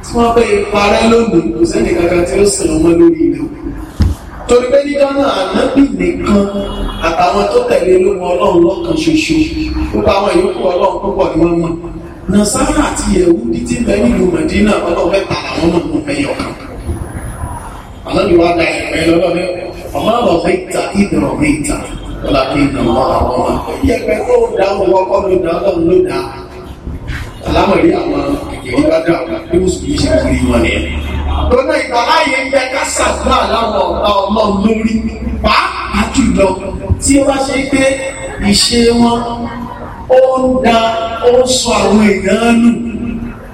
tí wọ́n bẹ́ parẹ́ lónìí kò sẹ́ni kankan tí ó sìn ọmọ lórí ilẹ̀ òkú torí pé ní Ghana ànábì nìkan àtàwọn tó tẹ̀lé ló mọ ọlọ́run lọ́kàn ṣoṣo púpọ̀ àwọn ìyókù ọlọ́run púpọ̀ ni wọ́n mọ̀ nasara àti yẹ̀wù tí ń bẹ nílùú Madina ọlọ́run mẹ́ta làwọn mọ̀ mọ̀ mẹ́yọ̀ kan ànábì wa da ìpẹ́ lọ́lọ́run ọmọ ọ̀rọ̀ mẹ́ta ìdọ̀rọ̀ mẹ́ta èyí bá dà bí mùsùlùmí ṣe kiri wọn nìyẹn. lọ́nà ìgbàláyé ń bẹ ká ṣàdúrà láwọn ọ̀tá ọlọ́run lórí pàápàá jùlọ tí ó bá ṣe pé ìṣe wọn ó ń da ó ń sọ àwọn èèyàn nù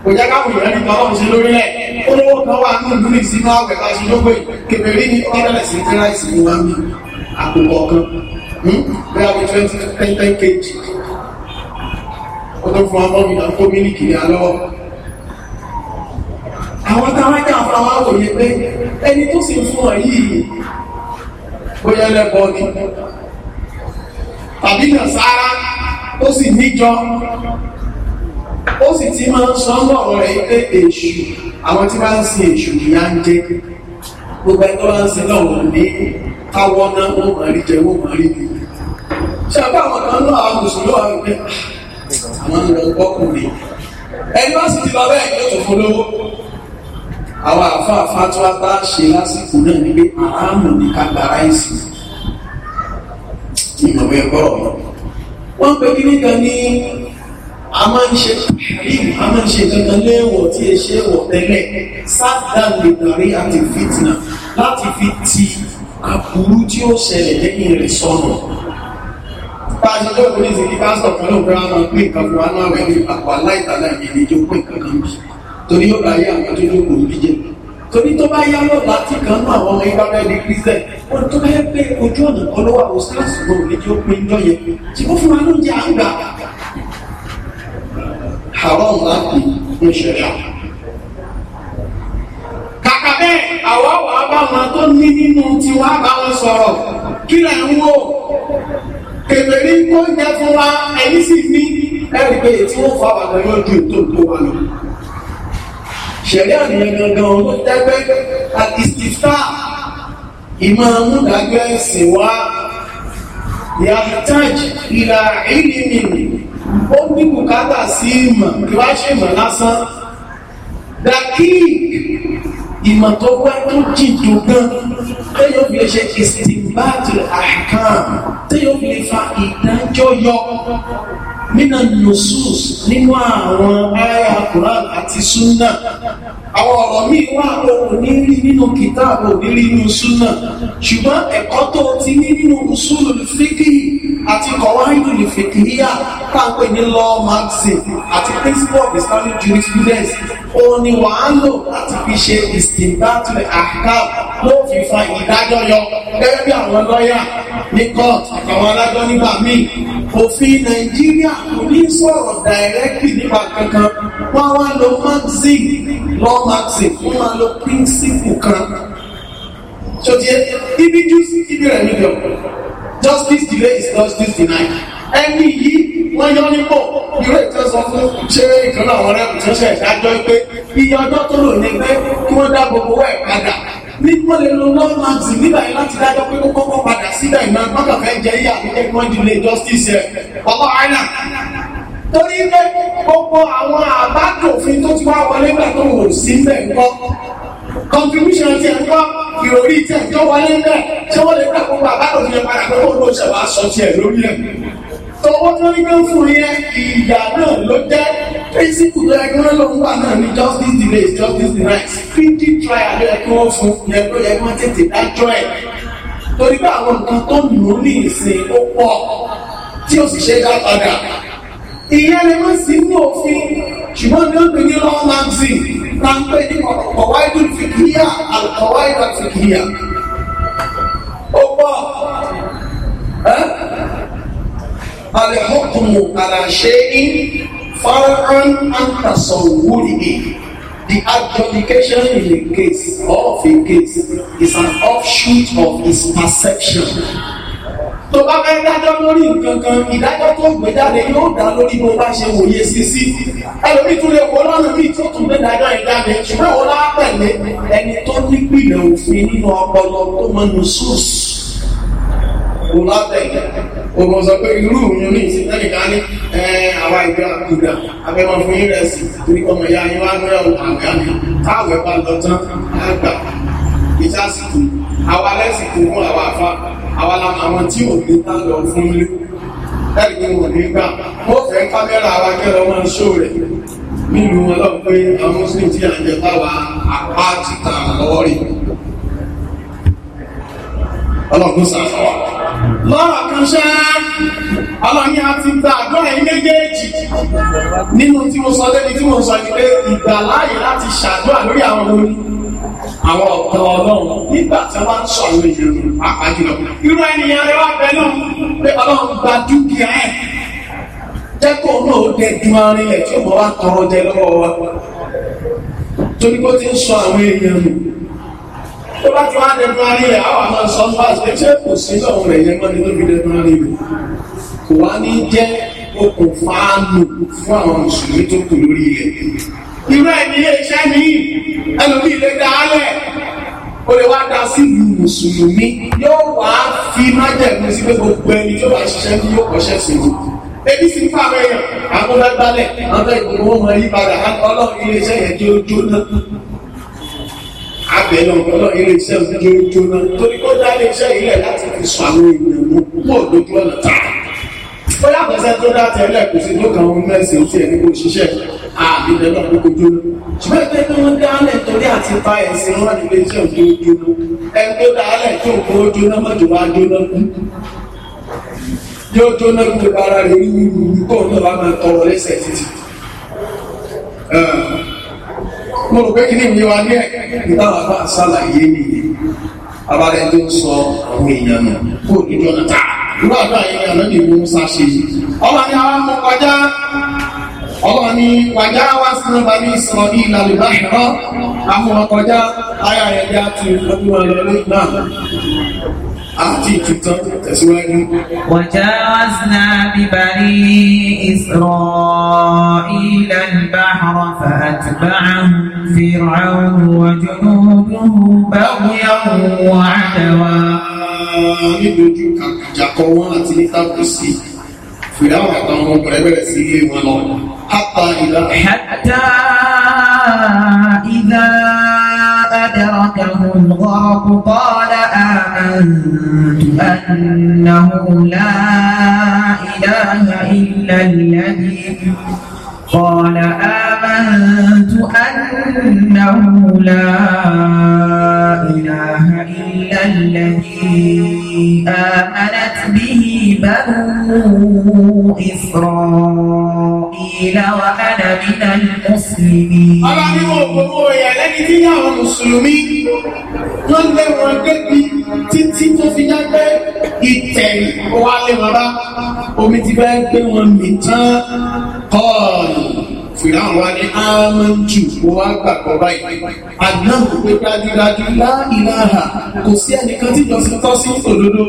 kò jẹ́ káwọn èèyàn nípa ọlọ́run ṣe lórílẹ̀ olówó kan wà ní ìlú ìsinmi àwẹ̀ bá ṣe lóko kèbèrè ní ọ̀rẹ́lẹ̀ sí kíláìsì ni wọ́n mi àpò kọ̀ọ̀kan hmm? bẹ́ẹ̀ bí twenty ten ten kg ó tó fún ọmọ mi náà kó mílíkì ní alọ́wọ́ àwọn táwọn jà fún àwọn àwòye pé ẹni tó sì fún ọ yìí bóyá lẹ́bọ̀ ni tàbí nà sára ó sì níjọ ó sì ti máa ń sọ lọ́rọ̀ rẹ̀ pé èṣù àwọn tí bá ń sin èṣù ìyá ń jẹ gbogbo ẹ̀tọ́ bá ń sin lọ́wọ́ ní káwọ́ náà wọ́n máa rí jẹ wọ́n máa rí àwọn àfáàfá tó wá bá ṣe lásìkò náà ní pé àrámù ní kágbà ráìsì ìmọ̀wé ẹgbọ́rọ̀ mi wọ́n pe kí nìkan ní a máa ń ṣe ìlú a máa ń ṣe kankan léèwọ̀ tí e ṣe wọ̀ tẹ́lẹ̀ sáàdán lè darí àti fìtìnà láti fi ti àbúrú tí ó ṣẹlẹ̀ lẹ́yìn rẹ̀ sọnù pàṣẹjọ́ ìpínlẹ̀ ìsìnkú pásítọ̀ kan ló ń gbára máa pín nǹkan fún wa náà rẹ̀ ní àpò aláìtàlá ìyẹn ìjọ pín nǹkan kan torí yóò ráyè àwọn tó ní kò rí jẹ torí tó bá yá lọ láti kan náà àwọn ọmọ ìbára ẹni kristian wọn tó bá yẹ pé ojú ọ̀nà kan ló wà ó sáàsì náà ní kí ó pin jọ yẹ tí ó fún wa lóúnjẹ à ń gbà haram láti ń ṣẹ̀ṣà. kàkà bẹ́ẹ̀ àwa wà á tó ní nínú tiwa bá sọ̀rọ̀ kí lẹ̀ ń wò kèmèrè kó jẹ fún wa ẹ̀yìn sì ní ẹ̀rí pé ètí wọn fọ àwọn ọmọ yóò ju tó wà lọ ṣẹ̀lẹ́ àníyàn gangan ló tẹ́gbẹ́ àtìsífà ìmọ̀ múdàgbẹ́ ẹ̀sìn wá yàtàj ìlà ìlìmì ó ní bùkátà sí ìmọ̀ kí wá ṣe ìmọ̀ lásán dàkí ìmọ̀ tó wá tó jìjò gan tẹ́yọ́ fi lè ṣe ìsìnbáàtì àkàn tẹ́yọ́ fi lè fa ìdájọ́ yọ nínú nusus nínú àwọn ará Quran àti Sunnah àwọn ọ̀rọ̀ míì wá òun ní rí nínú kìtáàbù ní rí nínú súnà ṣùgbọ́n ẹ̀kọ́ tó ti ní nínú usulul fíkì àti qawaidul fiqhiyya táǹpẹ̀ ní law maxim àti principle of islamic jurisprudence òun ni wàá lò láti fi ṣe istinbat ahkam ló fi fa ìdájọ́ yọ gẹ́gẹ́ bí àwọn lọ́yà ní court àtàwọn adájọ́ nígbà míì òfin nàìjíríà kò ní sọ̀rọ̀ directly nípa kankan wọ́n wá lo maxim law maxi fún máa lo príncípù kan ṣòtí ibi juice ibi rẹ̀ nílò justice delay is justice denied ẹni yìí wọ́n yọ nípò ìwé ìtọ́sọ fún ṣé ìkan àwọn rẹ́pù tó ṣe ìdájọ́ pé iye ọjọ́ tó lò ní pé kí wọ́n dá gbogbo ẹ̀ padà ní wọ́n lè lo lọ́wọ́ máa tì nígbà yìí láti dájọ́ pé kó kọ́kọ́ padà síbẹ̀ ìmọ̀ ẹ̀kọ́ kàfẹ́ jẹ́ yíyà nígbà tí wọ́n di justice ẹ̀ ọkọ̀ island torí pé gbogbo àwọn àbádòfin tó ti wá wọlé gbà tó wò sí bẹ́ẹ̀ ńkọ́ contribution ti ẹ̀kọ́ ìròrí ti ẹ̀kọ́ wọlé bẹ́ẹ̀ tí wọ́n lè gbà gbogbo àbádòfin ẹ̀ padà pé kó ló ṣẹ̀wá sọ ti ẹ̀ lórí ẹ̀ tọwọ́ tó ní pé ń fún yẹn ìyá náà ló jẹ́ pírísìpù tó yẹ kí wọ́n lọ ń wà náà ní justice delays justice denies fifty trial ló yẹ kí wọ́n fún yẹ kó yẹ kí wọ́n tètè dájọ́ ẹ̀ torí pé àwọn nǹkan tó lò ó ní ìsìn ó pọ̀ tí ó sì ṣe dá padà ìyẹn lè má sí ní òfin ṣùgbọ́n ní ó ní law magazine ta ń pè ní ọ̀wá ìlú fìkìyà àtọ̀wá ìlú fìkìyà ó pọ̀ alẹ́ ọkùnrin àlàṣe fọ́nrán àtàsọ̀wúrì yìí. The adjudication in a case of a case is an offshoot of his perception tó bá fẹ́ dájọ́ lórí nǹkan kan ìdájọ́ tó gbé jáde yóò dá lórí bó bá ṣe wòye sí sí ẹlòmíì tún lè wọ lọ́nà míì tó tún lè dájọ́ ìdájọ́ ṣùgbọ́n wọn á tẹ̀lé ẹni tó ní pìlẹ̀ òfin nínú ọpọlọ tó mọnu sóòsì kò látẹ̀lé òmò sọ pé irú òun ní ìsìnkẹ́nìká ní àwa ìgbà àkùdà abẹ́mọ̀ fún yín torí ọmọ ìyá yín wá mẹ́rẹ̀ àgbà àgbà ìjásìkò àwa àwọn àwọn tí ò ní tá lọ fún lé ẹ̀gbẹ́ wọn nígbà wọ́n fẹ́ kámẹ́rà ara kẹ́rọ wọn ṣó rẹ̀ nínú wọn lọ pé àwọn muslim tí à ń jẹ báwa àpá títà lọ́wọ́ rẹ̀ ọlọ́run sàfọwà lọ́rọ̀ kan ṣẹ́ ọlọ́ni a ti gba àdúrà yìí méjèèjì nínú tí mo sọ lẹ́ni tí mo sọ ní pé ìgbàláyè láti ṣàdúrà lórí àwọn orin àwọn ọ̀tọ̀ ọlọ́run nígbà tí wọ́n ń sọ àwọn èèyàn pàápàá jùlọ. irú ènìyàn rẹ wá bẹ náà pé ọlọ́run gba dúkìá ẹ̀ jẹ́kọ̀ náà ó dẹ̀ ju arin ẹ̀ tí ó mọ̀ wá tọrọ jẹ lọ́wọ́ wa. torí bó ti ń sọ àwọn èèyàn nù. tó bá ti wá dẹnu arin ẹ̀ àwọn àmọ́ sọ fún àṣẹ kò sí lọ́run rẹ̀ yẹn mọ́ ló fi dẹnu arin rẹ̀ kò wá ní jẹ́ okùnfà nù fún àwọn mùsùlùmí tó kù lórí ilẹ̀ irú ẹ̀ ní iléeṣẹ́ ní ẹlòmí ilé dáálẹ̀ ó lè wá da sílùú mùsùlùmí yóò wá fi májẹ̀mú sí pé gbogbo ẹni tó bá ṣiṣẹ́ ní yóò kọ́ṣẹ́ sí i ebi sì ń fa àwọn èèyàn àwọn lágbálẹ̀ àwọn ìgbìmọ̀ wọn mọ yí padà ọlọ́run iléeṣẹ́ yẹn tí ó jóná abẹ́lẹ̀ ọ̀pọ̀lọ́ iléeṣẹ́ yẹn tí ó jóná torí kó dá iléeṣẹ́ yìí lẹ̀ láti fi sọ àwọn èèyàn mú púpọ̀ lójú ọ̀nà tààrà bóyá kò sẹ́ tó dá tẹ́lẹ̀ kò sí tó kàn ń mẹ́sìn tí ẹni kò ṣiṣẹ́ àbí lẹ́nu àbí kò jó ṣùgbọ́n ẹgbẹ́ tó ń dálẹ̀ torí àti pa ẹ̀sìn wọn nílé tí òun tó jóná ẹni tó dálẹ̀ tó ń kó jóná mọ́jọ wá jóná kú yóò jóná kú bára rẹ̀ rí wúrúwúrú kó náà wá máa tọrọ lẹ́sẹ̀ títì mo rò pé kí ni mi wá ní ẹ̀ ìtawà bá ṣàlàyé nìyẹn abalẹ̀ tó ń sọ àwọn irú àdúrà yẹn ni àlọ́ ìwé musa ṣe ọba ní àwọn ọmọ kọjá ọba ní wàjá wá sínú bani sọ̀rọ̀ ní ìlànà ìbáṣẹ̀rọ àwọn ọmọ kọjá ayé ayẹyẹ àti ìfọdún ọlọ́lẹ́ náà àti ìtìtàn tẹ̀síwájú. wàjá wá sínú bíbarí ìsọ̀rọ̀ ìlànà ìbáṣẹ̀rọ fàtìbáhùn fìràwọ̀ wàjọ́nù báwọ̀ yàwó àdáwà. nídojú kàkàjàkọ wọn àti nítàkùsí fìdáwọn àtàwọn ọmọ rẹ̀ bẹ̀rẹ̀ sí ilé wọn lọ hátà ìlà. hátà ìlà أدركه الغرق قال آمنت أنه لا إله إلا الذي قال آمنت أنه لا الذي آمنت به بنو إسرائيل وأنا من المسلمين ọlọ́ni wo gbogbo ẹ̀yà lẹ́ni tí àwọn mùsùlùmí ló ń lé wọn débi títí tó fi já pé ìtẹ̀ wálé wọn bá omi ti fẹ́ gbé wọn mì tán kọ́ọ̀lù fìràn wa ní ámẹ́jù kó wá gbàgbọ́ báyìí àdáhùn pé dájúdájú láìláha kò sí ẹnìkan tí ìjọsìn tọ́ sí òdodo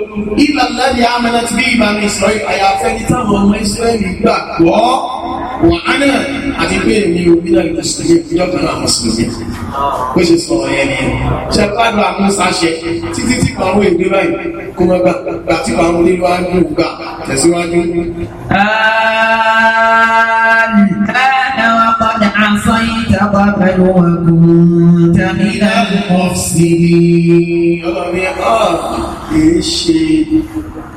ìlà láti amẹ́nà ti bí ìbámu ìsọ̀rọ̀ àyàfẹ́ ní táwọn ọmọ ìsírẹ́lì gbàgbọ́ wọ́n á náà àti pé èmi omi náà lè ṣe ìjọba náà wọ́n sì lè bó ṣe sọ ọ̀yẹ́ ni ṣe gbádùn àwọn sáṣẹ títí tí kan wọ́n èdè báyìí kó mọ́ gbà gbà tí kan wọ́n lé wájú gbà tẹ̀síwájú. Ààyè قبل وكنت من المفسدين kìí ṣe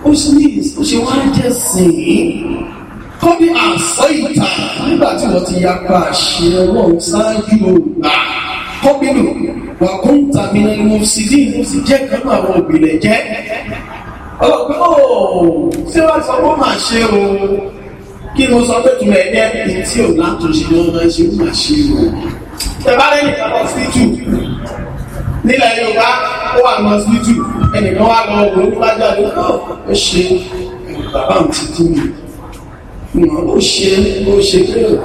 ó ṣe ní ó ṣe wá ń jẹ́ sìn ín kọ́ ní àṣọ ìta nígbà tí wọ́n ti ya pa àṣẹ ọlọ́run ṣáájú ògbà kọ́ nínú wà kó ń ta mi lẹ́nu sí ní ìlú sì jẹ́ kan náà àwọn òbílẹ̀ jẹ́ ọlọ́pẹ́ ó ṣé wàá sọ fún màá ṣe o kí ló sọ pé tùmọ̀ ẹ̀dẹ́ ẹni tí ò látúnṣe ló máa ṣe ń máa ṣe o. tẹ̀bárẹ́ nìkan lọ sí tù nílẹ̀ Yorùbá ó wà lọ sí ẹnìkan wà lọ wò ó bá jáde ó ṣe bàbá mi ti dùn mí ó ṣe ó ṣe pé ó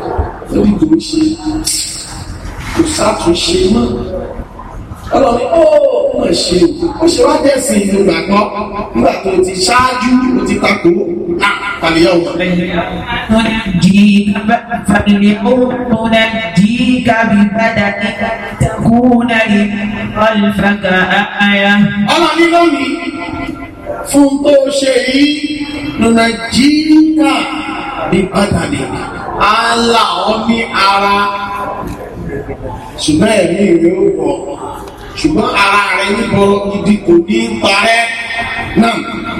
dìbò ó ṣe kò sátúnṣe mọ́ ọlọ́ni ó mọ̀ ṣe ó ṣe wá tẹ̀sí ìlú gbàgbọ́ nígbà tó ti ṣáájú ó ti takò ó. فاليوم ننجيك فاليوم ننجيك ببدنك تكون خلفك آية ọlọ́run ní lónìí fún tó ṣe yìí nunajika ní bàtàlì àlà ọ ní ara ṣùgbọ́n ẹ̀mí rẹ̀ ó bọ̀ ṣùgbọ́n ara rẹ̀ ní bọ́lọ́ gidi kò ní parẹ́ náà.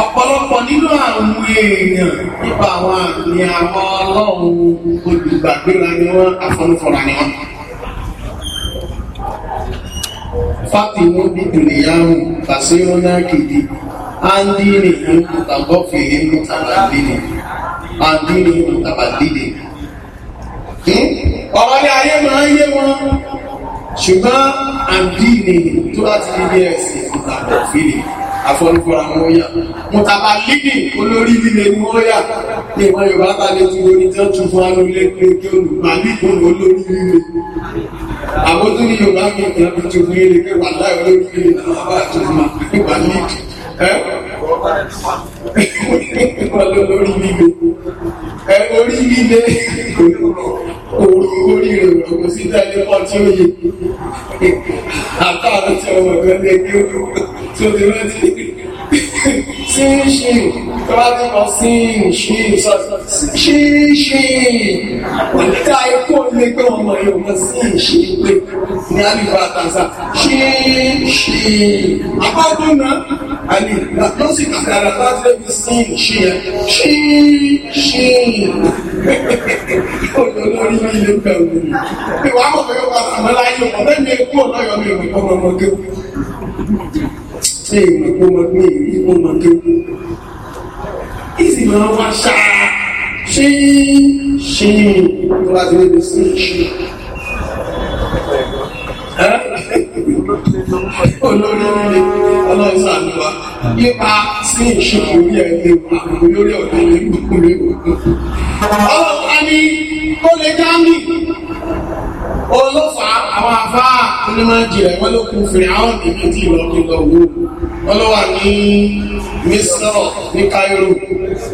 ọ̀pọ̀lọpọ̀ nínú àwọn èèyàn nípa àwọn àmì àwọn ọlọ́run olùgbàgbéra ni wọ́n afọ́nufọ́ra ni wọ́n. fatimu bí dùnìyàwó tàṣírò náà kìdí andini mùtàgọ́fìlì mùtàbàdìlì andini mùtàbàdìlì. ọ̀rọ̀ ní ayé máa ń yé wọn ṣùgbọ́n andini tó láti ní bí ẹ̀sìn mùtàgọ́fìlì àfọlùfọ̀rọ̀ àwọn ọ̀yà mùtàbà lídì olórí líle mú ọ̀yà ní ìwọ̀n yorùbá tàbí tí orí tán tún fún àwọn ilé pé kí olùgbà lídùn olórí líle àwọn tó ní yorùbá mi kì tún fún ilé pé láì olórí líle náà bá tún máa nípa lídì wọ́n lórí líle ẹ orí líle orí rẹ̀ kò sí tẹ́lẹ̀ kan tí ó yẹ àtàwọn ọmọ kan lè gbé tó ti rántí ṣíṣì tó bá ti lọ sí ìṣí ṣíṣì ọ̀dá ikú omi pé wọn mọ̀ yóò mọ̀ sí ìṣí pé ní alìbá àtàzà ṣíṣì apádùnà àlè lọ́sì kàkàrà láti lè fi sí ìṣí ẹ ṣíṣì olórí ilé pẹ̀lú ìwà àwọn ọ̀fẹ́ yóò bá sàmọ́láyé ọ̀fẹ́ mi kú ọ̀nà ọ̀yọ́ mi ò tí èmi kó mọ pé èmi kó mọ pé ìsì máa wá ṣáá ṣí ṣí tó bá ti lébi sí ṣí. olórí ilé ọlọ́run sàánú wa nípa sí ìṣòro orí ẹ̀lẹ́ àkókò lórí ọ̀dọ́ ilé gbogbo rẹ̀ ọlọ́run a ní kó lè dá mi olóṣèlú àwọn afá onímọ̀jì rẹ̀ wọ́n ló kú fèrè àwọn ìbí tí ìlọ kí lọ wò wọ́n ló wà ní mísọ̀ ní Cairo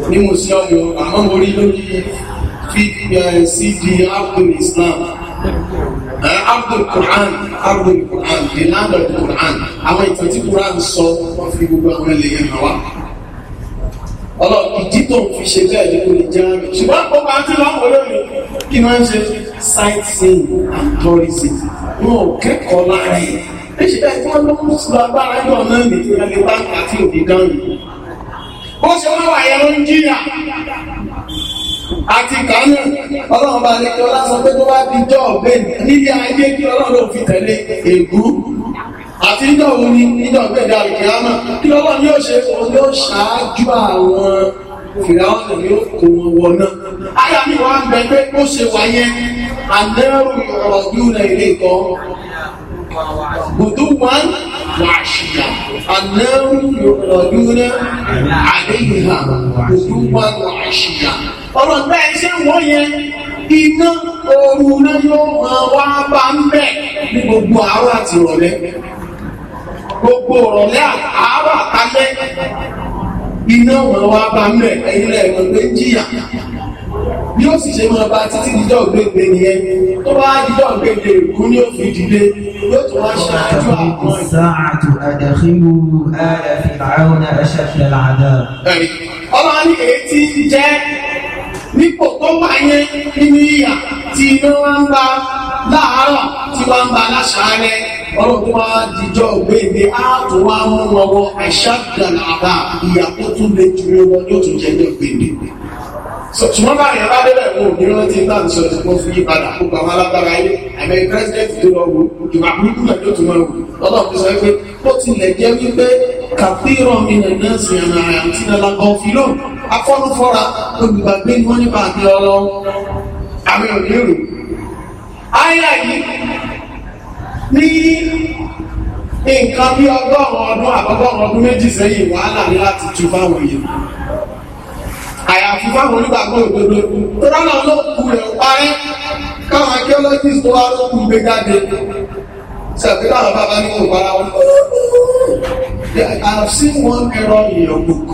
ní mùsíọ̀mù àmọ́ mo rí lórí eh, cd abdul Islam eh, abdul Quran abdul Quran the land of Quran àwọn ìtàn tí Quran sọ wọ́n fi gbogbo àwọn ilẹ̀ yẹn hàn wá ọlọ́ọ̀kì títò fi ṣe bẹ́ẹ̀ ní kò ní jẹ́ àmì ṣùgbọ́n ó máa ti lọ́wọ́ lónìí kí ni wọ́n ń ṣe sightseeing and tourism wọn ò kẹ́kọ̀ọ́ lára ẹ̀ èsì bẹ́ẹ̀ tí wọ́n ló ń sọ agbára náà náà ní ìrẹ́lẹ̀ bá àti òbí dáhùn bó ṣe wọ́n wà yẹn ló àti kánú ọlọ́run bá lè kí ọlásán pé tó bá di jọ ọ̀gbẹ́ nílé ayé kí ọlọ́run ló fi tẹ̀lé ègú àti nígbà wo ni nígbà ọ̀gbẹ́ ìdá kí ọlọ́run yóò ṣe òun fìràwọ́nà yóò kó wọn wọ náà. Àyà mi wá ń bẹ pé ó ṣe wáyé àdẹ́rù ọ̀rọ̀ bí ó na ilé ìkọ́. Gbùdú wọn wà ṣìyà. Àdẹ́rù ọ̀rọ̀ bí ó na wọn wà ṣìyà. Ọ̀rọ̀ bẹ́ ẹ wọ́n yẹn iná ooru náà yóò máa wá bá ń bẹ̀ ní gbogbo àárọ̀ àti ìrọ̀lẹ́. Gbogbo ìrọ̀lẹ́ àárọ̀ àtàlẹ́ iná wọn wá bá mẹ́ ẹ̀yìn lẹ́ẹ̀kan pé jìyà bí ó sì ṣe máa bá títí dídọ́ ògbéǹde nìyẹn tó bá dídọ́ ògbéǹde ìkú ni ó fi yóò tún wá ṣáájú àwọn. sáàtù àdàkìlú ààrẹ fìlàáhùn ẹṣẹfẹ làdá. ọlọ́ni èyí tí ń nípò tó wáyé nínú ìyà tí iná wá ń bá láàárọ̀ tí wọ́n ń ba aláṣàárẹ̀ ọlọ́run tó máa dìjọ́ òwe mi á tó wá mú lọ́wọ́ àìṣàdàlà àbá ìyà tó tún lè ju owó yóò tún jẹ́ ní ọ̀gbìn ṣùgbọ́n bá yẹn bá débẹ̀ wọn ò ní rántí bá mi sọ̀rọ̀ ṣùgbọ́n fi yí padà kó gbàmọ́ alágbára yé àmì pírẹsidẹ́ntì tó lọ wò ìwà burúkú yóò tún máa wò lọ́dọ̀ fi sọ pé ó tilẹ̀ jẹ́ wípé kàfíràn mi nà náà sì àná àti nàlá gan filọ̀ olùgbàgbé ni wọ́n nípa àti ọlọ́ àmì òní rò Aya yìí ní nǹkan bí ọgọ́rùn ọdún àbọ́gọ́rùn ọdún méjì sẹ́yìn wàhálà ní láti tú fáwọn èèyàn. Àyàfi fáwọn onígbàgbọ́ òdodo tó dáná ló kú rẹ̀ parí káwọn archaeologist tó wá ló kú gbé jáde. bàbá ní kò para wọn. I have seen one error in your book.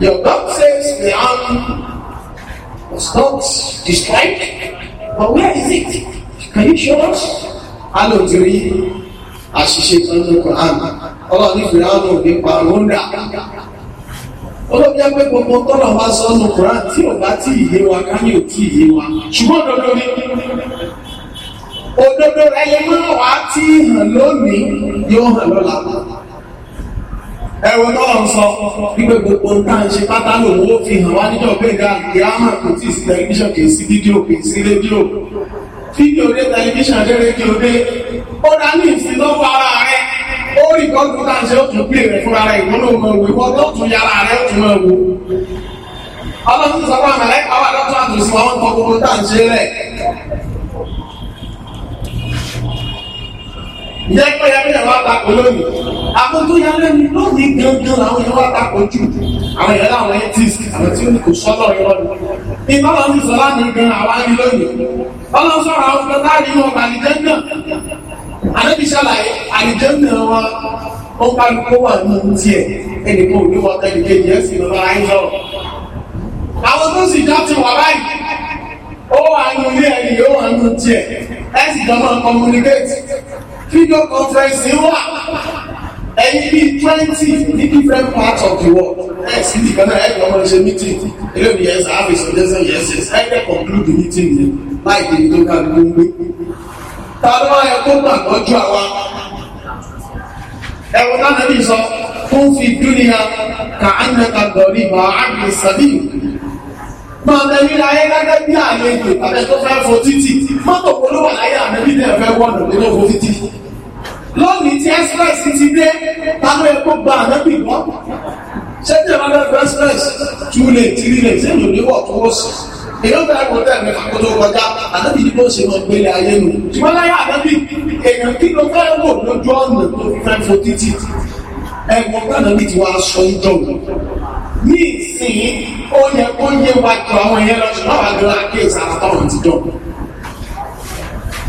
Your book says the not destroyed, but where is it? Are you sure? A lò ti rí àṣìṣe kan ní Quran. Ọlọ́run ní Fìràánù nípa Rwanda. Olóògbé pé gbogbo tọ́lọ̀ bá sọ ní Quran tí ò bá tí ìyé wa ká ní òtí ìyé wa. Ṣùgbọ́n òdodo ni òdodo rẹ̀ lè máa wá tí hàn lónìí yóò hàn lọ́la. Ẹ̀rọ náà sọ wípé gbogbo ń tàn ṣe pátá lòun ó fi hàn wá níjọ́ pé ìdá ìgbéhámà kò tí ì sí tẹlifíṣàn kì í sí fídíò kì í sí rédíò fídíò dé tẹlifíṣàn dé rédíò dé ó dá ní ìsinlọ́wọ́ ara rẹ̀ ó rí kọ́ńtù tá ṣe ó tún pè rẹ̀ fúnra rẹ̀ ìwọ́nà ọmọ òwe tó tún yàrá rẹ̀ ó tún máa wò. ọlọ́run sọ fún àmàlẹ́kọ̀ọ́ wà lọ́tún àtúnṣe wọn kọ́ tá à ń ṣe rẹ̀ yẹ pé yẹ pé wàá takò lónìí àkótó yẹ lónìí lónìí gbẹngbẹng làwọn yẹn wàá takò jù àwọn yẹn làwọn yẹn tíìsì àwọn tí wọn kò sọlọ yọ lọ ìgbà wọn ti sọlá ní gan àwọn ayé lónìí ọlọsọrọ àwọn fúnra láàrin wọn àlìjẹ náà àlébi sàlàyé àlìjẹ náà wọn ó kárí kó wà ní ohun tiẹ̀ ẹnì kó ní wọn tẹ́lẹ̀ kejì ẹ sì lọ lọ ayé lọ àwọn tó sì já ti wà báyìí ó wà nù ní ẹnì yóò wà nù tiẹ̀ ẹ sì jọ video conference wà ẹ̀yin bíi twenty ní different parts of the world ẹ̀ sì ní kanáà ẹ̀ lọ́mọ ṣe meeting ilé mi yẹn sáà fèsì ọjọ́ sẹ́yìn yẹn sẹ́yìn ẹ̀ dẹ̀ conclude the meeting yẹn láì dé tó ká ló ń gbé. ta ló wá yẹ kó gbàgbọ́ ju àwa ẹ̀wọ̀n náà nàbí sọ fún fi dúnìyà kà á nà ká dọ̀rí mà á gbé sàbí. máa bẹ ní ayé gẹ́gẹ́ bí àlejò abẹ tó fẹ́ fo títì mọ́tò polówó àyà àmẹ́bí náà fẹ́ wọ́n lónìí tí express ti dé tánú epo gba ànábì wọ́n ṣẹ́jú ẹ̀ máa bẹ̀rẹ̀ express two late three late ṣé yóò níwọ̀ tó ó sì èyí ó bẹ̀rẹ̀ kó tẹ̀ mí kó tó kọjá ànábì yìí bó ṣe máa gbélé ayé nu ṣùgbọ́n láyé ànábì èèyàn kí ló fẹ́ wò lójú ọ̀nà tó fi fẹ́ fo títì ẹ̀gbọ́n gbàdánù ti wá aṣọ ìjọba ní ìsìn ó yẹ kó yé wa jọ àwọn yẹn lọ ṣùgbọ́n àwọn àjọ àkéèsà àtọ́wọ̀n ti jọba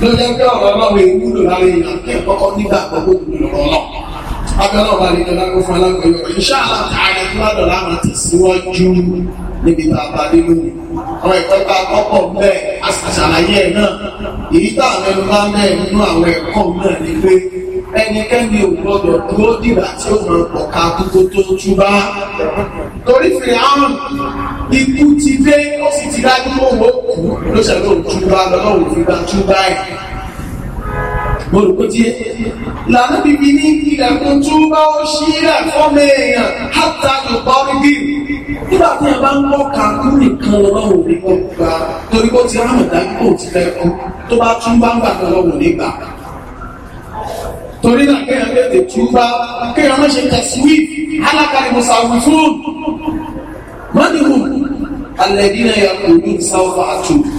ló jẹ́ pé ọ̀rọ̀ ọlọ́run èwúlò lára èèyàn kẹ́kọ̀ọ́ nígbà gbogbo ìlú ọ̀rọ̀ náà abẹ́rẹ́ ọba ní ìjọba kó fún alágbèyọ iṣẹ́ alákàárẹ̀ tó wà dọ̀la máa tẹ̀síwájú níbi tá a bá dé lónìí àwọn ẹ̀kọ́ bá kọ́kọ́ bẹ́ẹ̀ aṣàlàyé ẹ̀ náà èyí tá àwọn ẹnu bá bẹ́ẹ̀ nínú àwọn ẹ̀kọ́ náà ni pé ẹnikẹ́ni ò gbọ́dọ̀ dúró dìgbà tí ó máa pọ̀ ká kókó tó tú bá torí fèrè àrùn ikú ti dé ó sì ti dájú mọ́ ó kù ló ṣẹlẹ̀ òun bá lọ́wọ́ òun fi tú báyìí mo rò pé tí lànà bíbí ní ilẹ̀kùn túbá ó ṣí ilẹ̀ fọ́mọ èèyàn hátà lùpọ̀ bíbí nígbà tí wọn bá ń lọ kàkú nìkan lọ́wọ́ ní kò gbà torí kó ti hàn dájú kò ti fẹ́ kú tó bá tún bá ń gbà kan lọ́wọ́ nígbà torí náà kéèyàn tètè túbá kéèyàn má ṣe tẹ̀síwì alákàlẹ̀ mùsàwùn fún mọ́nìhùn alẹ́dínà yà kò ní ìsáwọ́ àtúntò.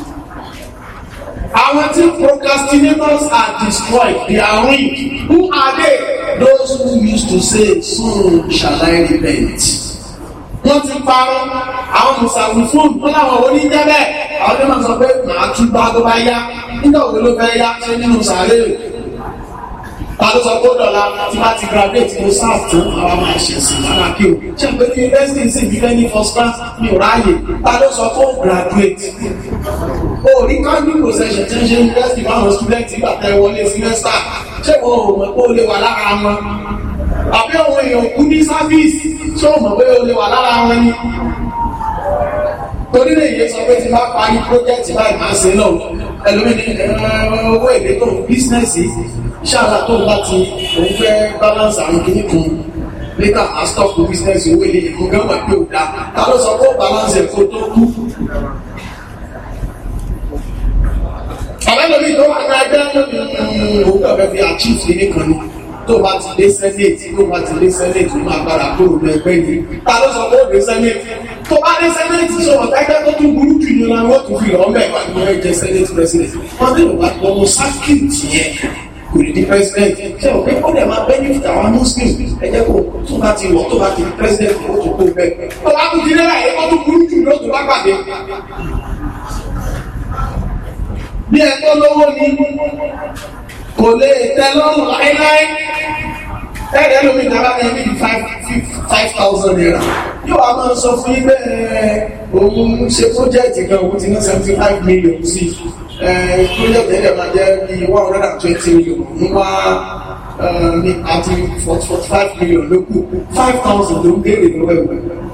Àwọn tí procrastinators are destroyed, they are weak. Who are they? Those who used to say, soon shall I repent. Wọ́n ti parọ́, àwọn mùsàlùfún wọ́n láwọn oní jẹ́bẹ̀, àwọn ọdún máa sọ pé màá tún bá tó bá yá, nígbà wo ló fẹ́ yá tó nínú sàárè tàbí sọ pé dọ̀la tí bá ti graduate mo sáà tó àwa máa ṣe sùn lára kí o ṣé pé ní university sì bí lẹ́ni first class mi ò ráàyè ta sọ pé ó graduate o rí kájú procession tí ń ṣe university báwọn student ìgbà tẹ wọlé semester ṣé o ò mọ̀ pé o lè wà lára wọn àbí àwọn èèyàn kú ní service ṣé o mọ̀ pé o lè wà lára wọn ni torí lè yẹ sọ pé ti bá parí project báyìí máa ṣe náà ẹlòmí ní owó èlé tó ń bísínẹ́sì ṣáàlà tó ń bá ti òun fẹ́ balance àwọn kìíní kan nígbà á stop business owó èlé yẹn kó gánwà pé ò dáa ta ló sọ pé ó balance ẹ̀ kó tó kú. àwọn ẹlòmí tó wà ní ajá lónìí òun kàn fẹ́ fi achieve kìíní kan ni tó bá ti dé senate tó bá ti dé senate ó máa gbára kúrò ní ẹgbẹ́ yìí ta ló sọ pé ó dé senate tó bá dé senate sọ wọn tẹgbẹ́ tó tún burú jù ní ọ̀la wọn tún fi lọ́ọ́ mẹ́wàá ní wọ́n jẹ senate president wọn bí wọn bá tọ́ ọmọ circuit yẹn kò lè di president ṣé o pé ó dẹ̀ máa benefit àwọn muslim ẹ jẹ́ kó tó bá ti wọ̀ tó bá ti di president kó tó kó bẹ́ẹ̀ tó bá tún ti dé láyé kó tún burú jù ní ọ̀tún bá pàdé bí ẹ tó lówó ni kò lè tẹ́ lọ́rùn láíláí ẹ̀rẹ́ lómi ìdára ní ẹbí five thousand naira yóò wá máa sọ fún yín bẹ́ẹ̀ eh, òun ṣe fúrọ́jẹ́ẹ̀tì kan òun ti ná seventy five million sí fúrọ́jẹ́ẹ̀tì eh, ẹ̀rẹ́ máa jẹ́ bí one hundred and twenty million ń wá eh, àti forty five million ló five thousand ló ń béèrè lọ́wọ́ ẹ̀wọ̀n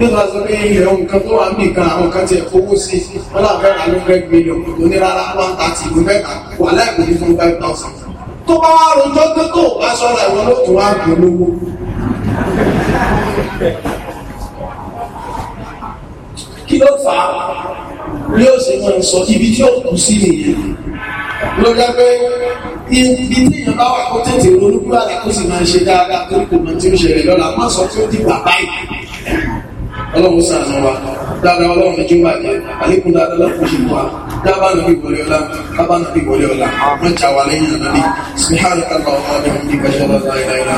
nígbà tó pé ilẹ̀ ohun tó wà ń bì àwọn kan ti ẹ̀ fowó sí wọn làbẹ́ ra ló fẹ́ gbé lọ onírara one thirty ló fẹ́ kà wà láìpẹ́ ní twenty five thousand tó bá wà rojọ́ pé tó bá sọ́ra ìwọ ló tún wá gbé lówó. kí ló fà á ní òsè máa ń sọ ibi tí ó kù sí nìyẹn ló jẹ́ pé ibi tí èèyàn bá wà kó tètè ronú kúrò àdàkó sì máa ń ṣe dáadáa torí kò mọ tí ó ṣẹlẹ̀ lọ́la má sọ tí ó di bàbá yìí ọlọ́run sànù wa dáadáa ọlọ́run ní jùmọ̀ àjẹ àlékún dáadáa lọ́kùn ṣì wá dábàá nàbí wọlé ọlá dábàá nàbí wọlé ọlá wọn jà wà lẹ́yìn ànábì sùhánù kàlá ọmọ ọdún ní ìgbàṣẹ́ lọ́dọ̀ ìlànà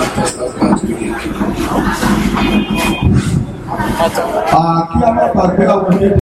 àti ọ̀sán àti ìlú.